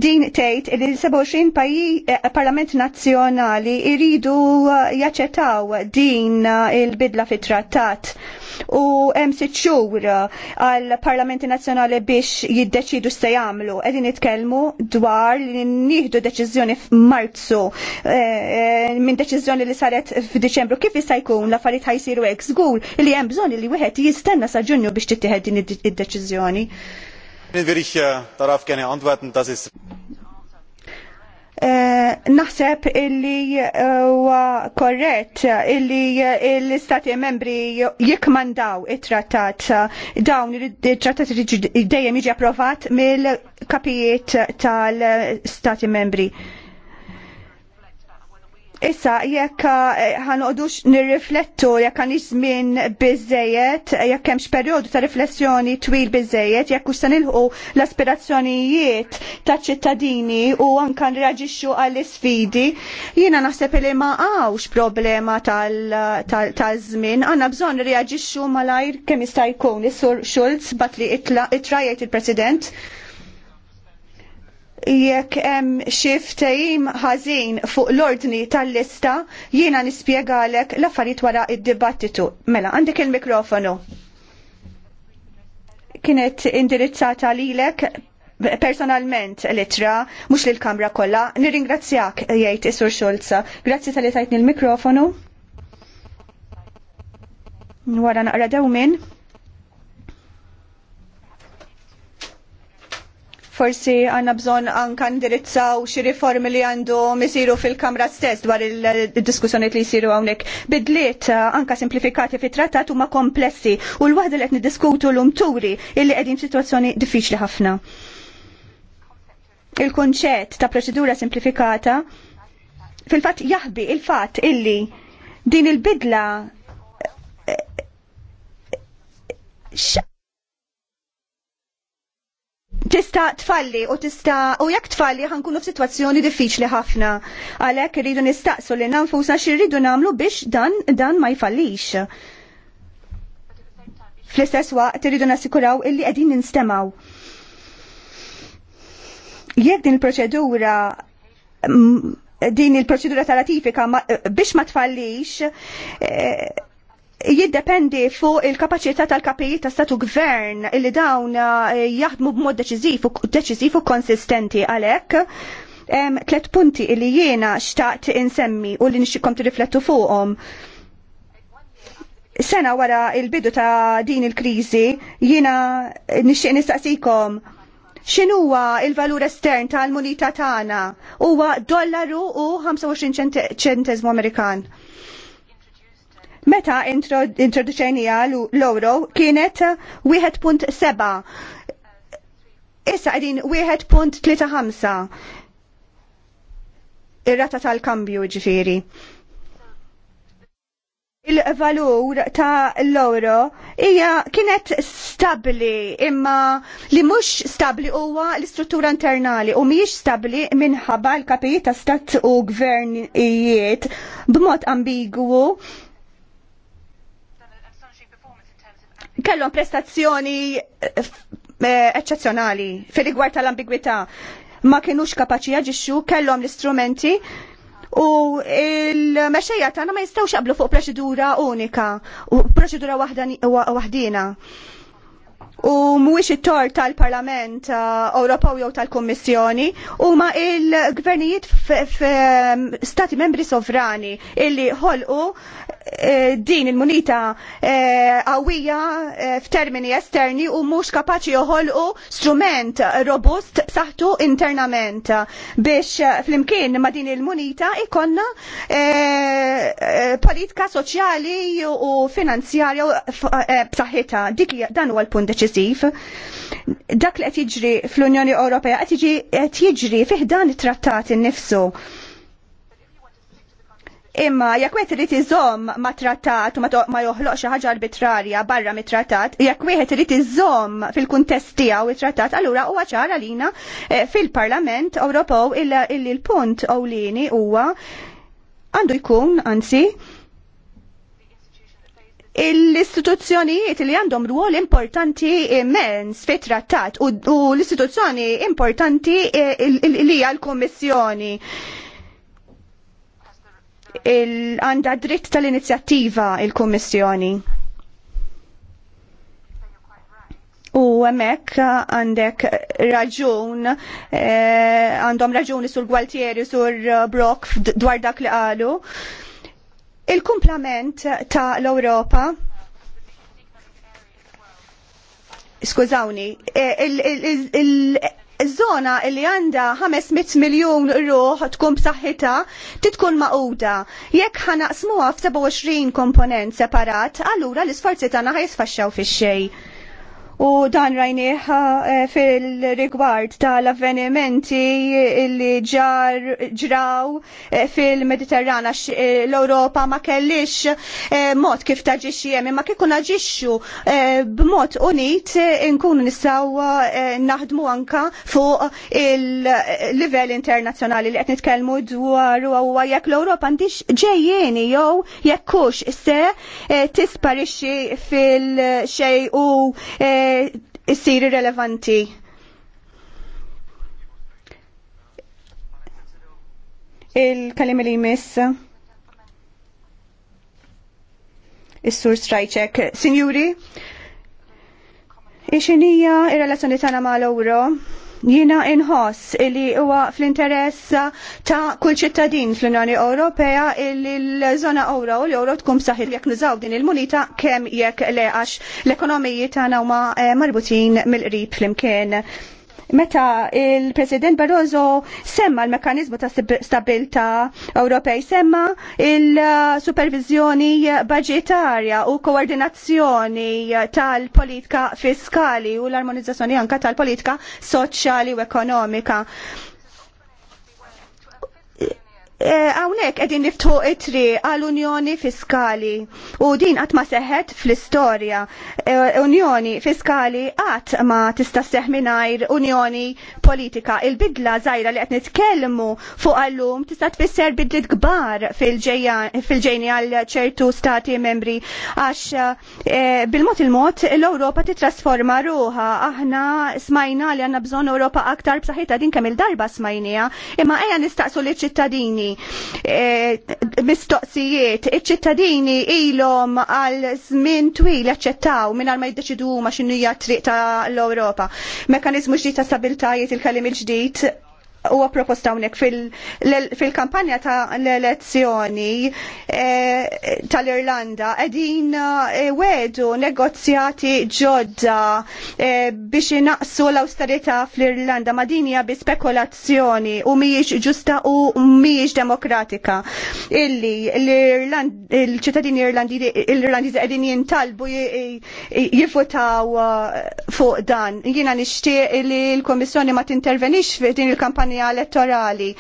din tgħid li 27 pajji eh, Parlament Nazzjonali iridu jaċċettaw din il-bidla fit-trattat u hemm sitt xhur għall parlamenti nazzjonali biex jiddeċidu se jagħmlu. Qegħdin nitkellmu dwar li nieħdu deċiżjoni f'Marzu eh, eh, minn deċiżjoni li saret f'Diċembru kif jista' jkun l-affarijiet ħajsiru hekk żgur li hemm bżonn li wieħed jistenna sa Ġunju biex tittieħed din id-deċiżjoni. Will ich äh, darauf gerne antworten, dass es Eh, naħseb illi eh, huwa korrett illi eh, l-istati membri jikmandaw it-trattat dawn it-trattat dejjem jiġi approvat mill-kapijiet tal-stati membri. Issa, jekk eh, ħanqodux nirriflettu jekk għan żmien biżejjed, jekk hemmx perjodu ta' riflessjoni twil biżejjed, jekk hux se nilħu l-aspirazzjonijiet ta' ċittadini u anke nreaġixxu għall-isfidi, jiena naħseb li ma għawx problema tal-żmien, għandna bżonn reaġixxu malajr kemm jista' jkun is-Sur Schulz bat li itrajajt il-President. It jekk hemm xi ftehim ħażin fuq l-ordni tal-lista, jiena nispjegalek l-affarijiet wara d dibattitu Mela, għandek il-mikrofonu. Kienet indirizzata lilek personalment litra, mhux lill kamra kollha. Nirringrazzjak jgħid Isur Xulza. Grazzi tal-li tajtni l-mikrofonu. Wara naqra dewmin. Forsi għanna bżon anka ndirizzaw xi riformi li għandhom isiru fil-Kamra stess dwar il-diskussjoniet li jisiru hawnhekk. Bidliet eh, anka simplifikati fit-trattat huma komplessi u l-waħda li qed niddiskutu l turi illi qegħdin f'sitwazzjoni diffiċli ħafna. il kunċett ta' proċedura simplifikata fil-fatt jaħbi il-fatt illi din il-bidla eh, eh, tista tfalli u tista u jekk tfalli ħankunu f'sitwazzjoni diffiċli ħafna. Għalhekk irridu nistaqsu li nanfusna x'irridu nagħmlu biex dan dan ma jfallix. Fl-istess waqt irridu nassikuraw illi qegħdin ninstemaw. Jekk din il-proċedura mm, din il-proċedura tal ratifika biex ma tfallix, eh, jiddependi fuq il-kapacità tal-kapijiet ta' statu gvern li dawn eh, jaħdmu b'mod deċiżiv u konsistenti għalhekk Tlet tliet punti li jiena xtaqt insemmi u li t tirriflettu fuqhom. Sena wara il-bidu ta' din il-kriżi jiena nixtieq nistaqsikom xinuwa il-valur estern tal-munita tagħna huwa dollaru u 25 centesimo Amerikan. Meta introduċenija l-euro kienet 1.7. Issa għedin 1.35. Ir-rata tal-kambju ġifiri. Il-valur ta' l-euro hija kienet stabli imma li mhux stabli huwa l-istruttura internali u mhijiex stabli minħabba l-kapijiet ta' stat u gvernijiet b'mod ambigwu kellhom prestazzjoni eh, eh, eċċezzjonali fir-rigward tal-ambigwità ma kienux kapaċi jaġixxu kellhom l-istrumenti U il-mexxejja tagħna ma jistgħux jaqblu fuq proċedura unika u proċedura waħdina. U mhuwiex it-tor tal-Parlament eh, Ewropew jew tal-Kummissjoni huma il-gvernijiet f'stati membri sovrani illi ħolqu Eh, din il-munita qawwija eh, eh, f'termini esterni u mhux kapaċi joħolqu strument robust b'saħħtu internament biex flimkien ma' din il-munita ikonna politika soċjali u finanzjarja b'saħħitha dik dan huwa l-punt deċisiv. Dak li qed jiġri fl-Unjoni Ewropea qed jiġri fih dan it-trattat innifsu. nifsu Imma jekk wieħed irid iżomm ma' trattat u ma joħloqx xi ħaġa arbitrarja barra mit-trattat, jekk wieħed irid iżomm fil-kuntest tiegħu it-trattat, allura huwa ċara lina eh, fil-Parlament Ewropew illi l-punt ewlieni huwa għandu jkun, anzi, l-istituzzjonijiet li għandhom rwol importanti immens fit trattat u l-istituzzjoni importanti eh, li hija l-Kummissjoni għandha dritt tal-inizjattiva il-Kummissjoni. U hemmhekk għandek raġun, eh, għandhom raġuni sur Gualtieri, sur Brock dwar dak li qalu. Il-kumplament ta' l-Europa Skużawni, eh, Zona li għanda 500 miljon ruħ tkun b'saħħitha titkun maquda. Jekk ħanaqsmuha f'27 komponent separat, allura l-isforzi tagħna ħajsfaxxaw fix-xejn u dan rajniħ eh, fil-rigward tal-avvenimenti li ġar ġraw eh, fil-Mediterrana eh, l-Europa ma kellix mod kif jemi ma imma kieku naġixxu b'mod unit inkunu nistgħu naħdmu anka fuq il-livell internazzjonali li qed nitkellmu dwar huwa jekk l europa ndix ġejjeni jew jekkux se tisparixxi fil xej u Eh, issir irrelevanti. Il-kalim li jmiss. Is-sur strajċek. Sinjuri, ixinija ir-relazzjoni ma' mal-Ewro Jina inħoss li huwa fl-interess ta' kull ċittadin fl-Unjoni Ewropea li l-żona Ewro u l-Ewro tkun saħir jekk nużaw din il-munita kemm jekk le għax l-ekonomiji tagħna huma eh, marbutin mill-qrib flimkien meta il-President Barroso semma l-mekanizmu ta' stabilta Ewropej, semma il-supervizjoni budgetarja u koordinazzjoni tal-politika fiskali u l-armonizzazzjoni anka tal-politika soċjali u ekonomika. Għawnek eh, edin niftu itri għal-Unjoni Fiskali u din għat ma seħet fl-istoria. Eh, unjoni Fiskali għat ma tista seħminajr Unjoni Politika. Il-bidla zaħira li għat nitkellmu fuq għallum tista tfisser bidlit gbar fil-ġejni għal ċertu stati membri għax eh, bil-mot il-mot l-Europa titrasforma ruħa. Aħna smajna li għanna bżon Europa aktar b'saħħita din kemm il-darba smajnija imma eja nistaqsu li ċittadini Eh, mistoqsijiet, iċ-ċittadini ilhom għal żmien twil jaċċettaw mingħajr ma jiddeċidu ma x'inhu hija triq ta' l-Ewropa. Mekkaniżmu ġdid ta' stabiltajiet il-kalim il-ġdid huwa proposta hawnhekk fil-kampanja ta' l-elezzjoni eh, tal-Irlanda qegħdin eh, wedu negozjati ġodda eh, biex inaqsu l-awsterità fl-Irlanda ma' din hija spekulazzjoni u mhijiex ġusta u mhijiex demokratika. Illi l-ċittadini irlandiżi qegħdin jintalbu jifutaw fuq dan. Jiena nixtieq li l komissjoni ma tintervenix fi din il-kampanja kampanja elettorali.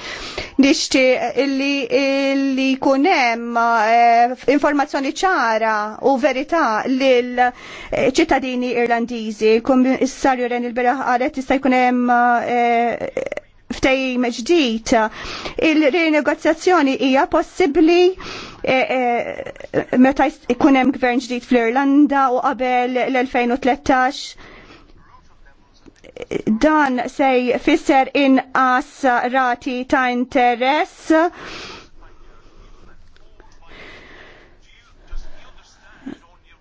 Nixti illi, illi kunem eh, informazzjoni ċara u verità lil eh, ċittadini irlandizi. Komissarju Ren il-Beraħ għaret jista' hemm eh, ftejim ġdid. Il-renegozjazzjoni hija possibbli meta jkun hemm gvern ġdid fl-Irlanda u qabel l-2013 dan se jfisser inqas rati ta' interess.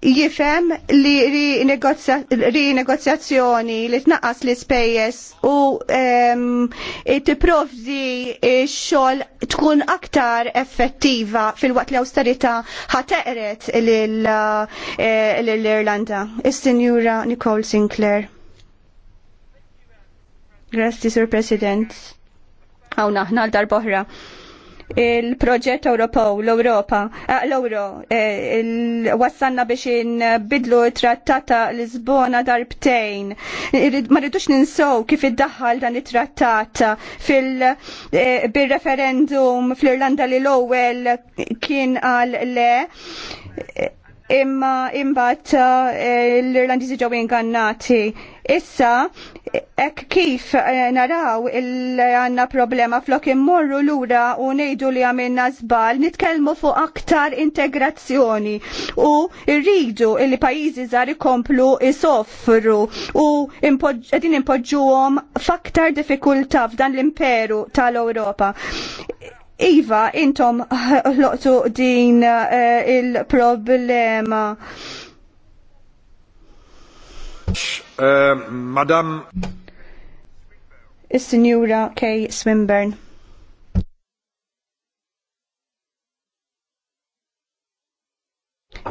jifem li rinegozjazzjoni li tnaqqas li spejjes u ehm, tipprovdi x-xogħol tkun aktar effettiva fil-waqt li austerita ħateqret eh, l-Irlanda. Is-Sinjura Nicole Sinclair. Grazzi, Sur President. Għawna, ħna l-darboħra il-proġett Ewropew l-Ewropa, eh, l-Euro, eh, wassanna biex bidlu trattata Lisbona darbtejn. Ma rridux ninsow kif iddaħħal dan it-trattat fil-referendum eh, fl-Irlanda li l-ewwel kien għal le imma imbat eh, l-Irlandiżi ġew ingannati. Issa, ek kif eh, naraw il-għanna problema flok immorru l-ura u nejdu li għamilna zbal, nitkelmu fuq aktar integrazzjoni u rridu il pajizi zari ikomplu isoffru u għedin impoġġuhom faktar difikulta f'dan l-imperu tal-Europa. Iva, intom ħloqtu din eh, il-problema. Eh, madam. Is-Sinjura Kay Swinburne.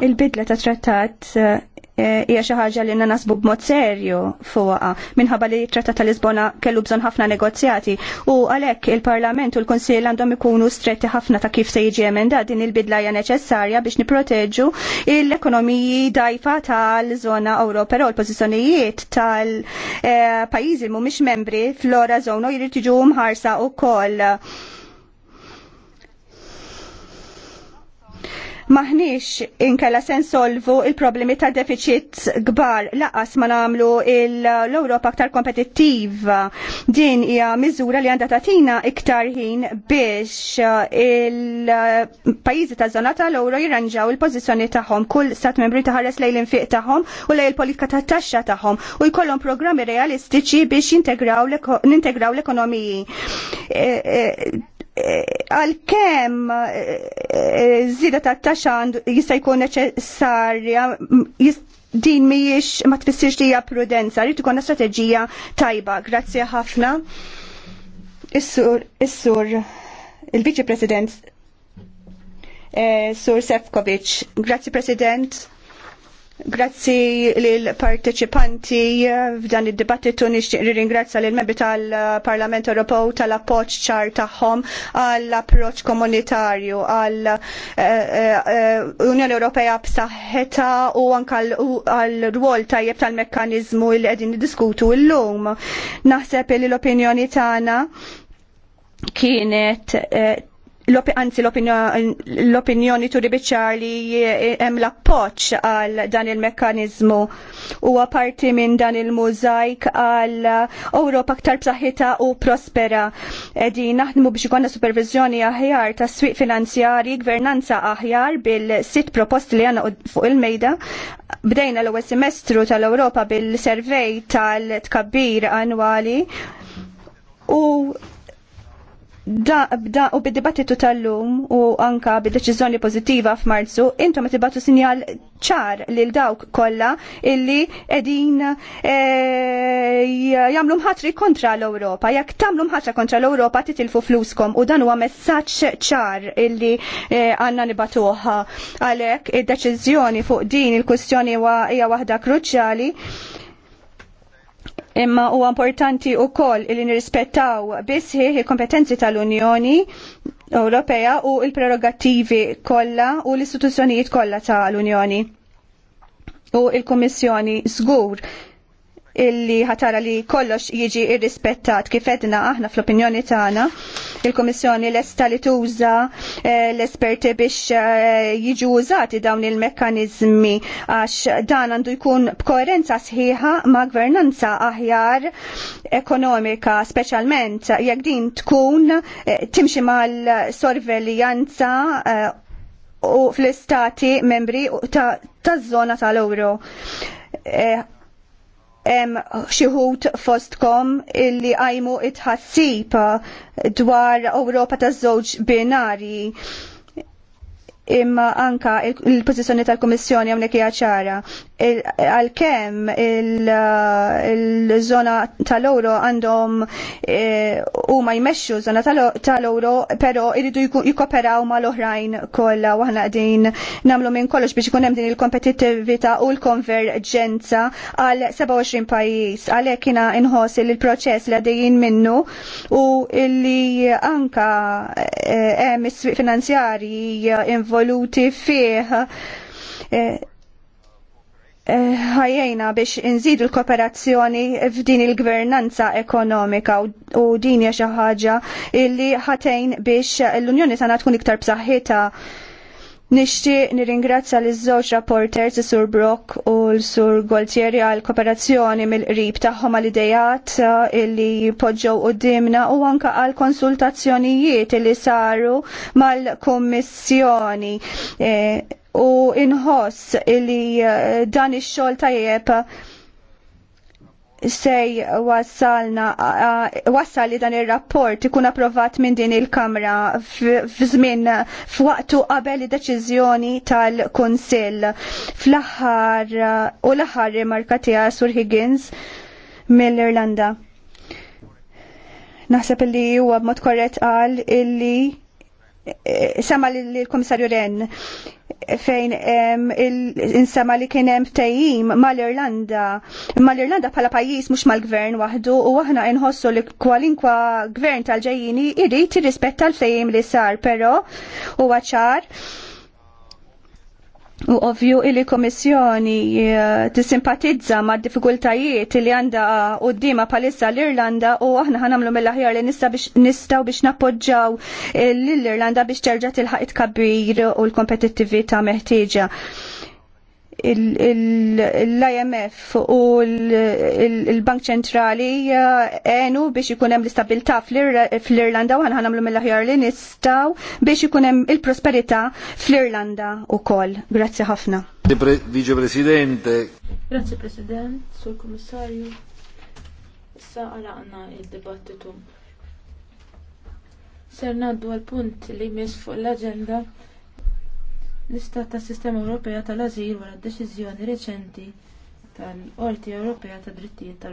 Il-bidla ta' trattat eh, hija xi ħaġa li nasbu b'mod serju fuqha minħabba li trattat ta' Lisbona kellu bżonn ħafna negozjati u għalhekk il-Parlament u l-Kunsill għandhom ikunu stretti ħafna ta' kif se jiġi emenda din il-bidla hija neċessarja biex niproteġġu l-ekonomiji dajfa tal-żona Ewro, però l-pożizzjonijiet tal-pajjiżi eh, mhumiex membri fl-ora żona jrid jiġu mħarsa wkoll maħniex inkella se nsolvu il-problemi ta' deficit kbar laqas ma nagħmlu l-Ewropa aktar kompetittiva. Din hija miżura li għandha tatina iktar ħin biex il-pajjiżi ta' żona l-euro jirranġaw il-pożizzjoni tagħhom kull stat membri taħares lejn l-infiq tagħhom u lej il-politika tat-taxxa tagħhom u jkollhom programmi realistiċi biex jintegraw l-ekonomiji e, e, għal-kem eh, eh, zida ta' taxand jista' jkun neċessarja din miex ma tfissirx li hija prudenza, rrid ikun strateġija tajba. Grazzi ħafna. Is-sur, is-sur, il-Viċi President, eh, Sur Sefkovic. Grazzi President. Grazzi l-parteċipanti eh, f'dan id-dibattitu nixtieq ringrazzja lil membri tal-Parlament Ewropew tal-appoġġ ċar tagħhom għall-approċċ komunitarju għall eh, eh, Unjoni Ewropea b'saħħetha u anke għall rwol tajjeb tal-mekkaniżmu li qegħdin niddiskutu llum. Naħseb li l-opinjoni tagħna kienet anzi l-opinjoni turi biċar li hemm l-appoċ għal dan il mekanizmu u parti minn dan il-mużajk għal Ewropa aktar b'saħħitha u prospera. Edi naħdmu biex ikonna supervizjoni aħjar ta' swieq finanzjari, gvernanza aħjar bil sit proposti li għanna fuq il-mejda. Bdejna l-ewwel semestru tal-Ewropa bil-servej tal-tkabbir annwali u da, da u bid-dibattitu tal-lum u anka bid-deċiżjoni pożittiva f'Marzu, intom qed tibatu sinjal ċar lil dawk kollha illi qegħdin e, jagħmlu mħatri kontra l-Ewropa. Jekk tagħmlu mħatra kontra l-Ewropa titilfu fluskom u dan huwa messaġġ ċar illi eh, għandna nibatuh għalhekk id-deċiżjoni fuq din il-kwistjoni hija waħda kruċjali Imma huwa importanti wkoll li nirrispettaw bisħieħ il-kompetenzi tal-Unjoni Ewropea u l-prerogattivi kollha u l-istituzzjonijiet kollha tal-Unjoni u il kummissjoni żgur illi ħatara li kollox jiġi irrispettat kif edna aħna fl-opinjoni tagħna. Il-Kummissjoni lesta li tuża eh, l-esperti biex eh, jiġu użati dawn il-mekkaniżmi għax dan għandu jkun b'koerenza sħiħa ma' gvernanza aħjar ekonomika, speċjalment jekk din tkun eh, timxi mal-sorveljanza u fl-istati membri taż-żona tal-euro xi wħud fostkom illi għajmu t tħassib dwar Ewropa taż-żewġ binari imma anka il-pozizjoni tal-Komissjoni hawnhekk hija ċara. Għalkemm il-żona tal-Ewro għandhom eh, huma jmexxu żona tal-Ewro, però jridu jikoperaw mal-oħrajn kollha u aħna qegħdin nagħmlu minn kollox biex ikun hemm din il-kompetittività u l-konverġenza għal 27 pajjiż. Għalhekk jiena inħoss li l-proċess li għaddejjin minnu u illi anka eh, hemm is-swieq finanzjarji involuti fih eh, eh, ħajjajna biex nżidu l-kooperazzjoni f'din il-gvernanza ekonomika u din hija xi ħaġa illi ħatejn biex l-Unjoni sana tkun iktar b'saħħitha Nixtieq nirringrazzja liż żewġ rapporters is-Sur Brock u l-Sur Gualtieri għal kooperazzjoni mill-qrib tagħhom għal idejat uh, illi poġġew dimna u anke għal konsultazzjonijiet li saru mal-Kummissjoni. E, u inħoss illi eh, dan ix-xogħol tajjeb sej wasalna, wassal li dan il-rapport ikun approvat minn din il-Kamra f'żmien f'waqtu qabel id-deċiżjoni tal-Kunsill. Fl-aħħar u l-aħħar rimarka tiegħek Sur Higgins mill-Irlanda. Naħseb li huwa b'mod korrett qal illi e, sema l-Komissarju Ren fejn insama li kien hemm tejjim mal-Irlanda. Mal-Irlanda bħala pajjiż mhux mal-gvern waħdu u aħna inħossu li kwalinkwa gvern tal-ġejjini irid tirrispetta l-fejjim li sar, però huwa ċar U ovvju li komissjoni eh, tisimpatizza ma' diffikultajiet li għanda u d-dima palissa l-Irlanda u aħna ħanamlu mill-aħjar li nistaw biex nappoġġaw eh, l-Irlanda biex terġa tilħaq it-kabbir u l-kompetittivita meħtieġa l-IMF u l-Bank ċentrali eh, għenu biex ikunem l-istabilta fl-Irlanda u għanħanamlu mill-ħjar li nistaw biex ikunem il-prosperita fl-Irlanda u kol. Grazie ħafna. Vice Presidente. Grazie President, Sur Kommissarju. Issa għanna il-dibattitu. Serna naddu għal-punt li mis fuq l-agenda. L-istat tas sistema Ewropea tal-Azil wara d-deċiżjoni reċenti tal-Qorti Ewropea tad Drittijiet tal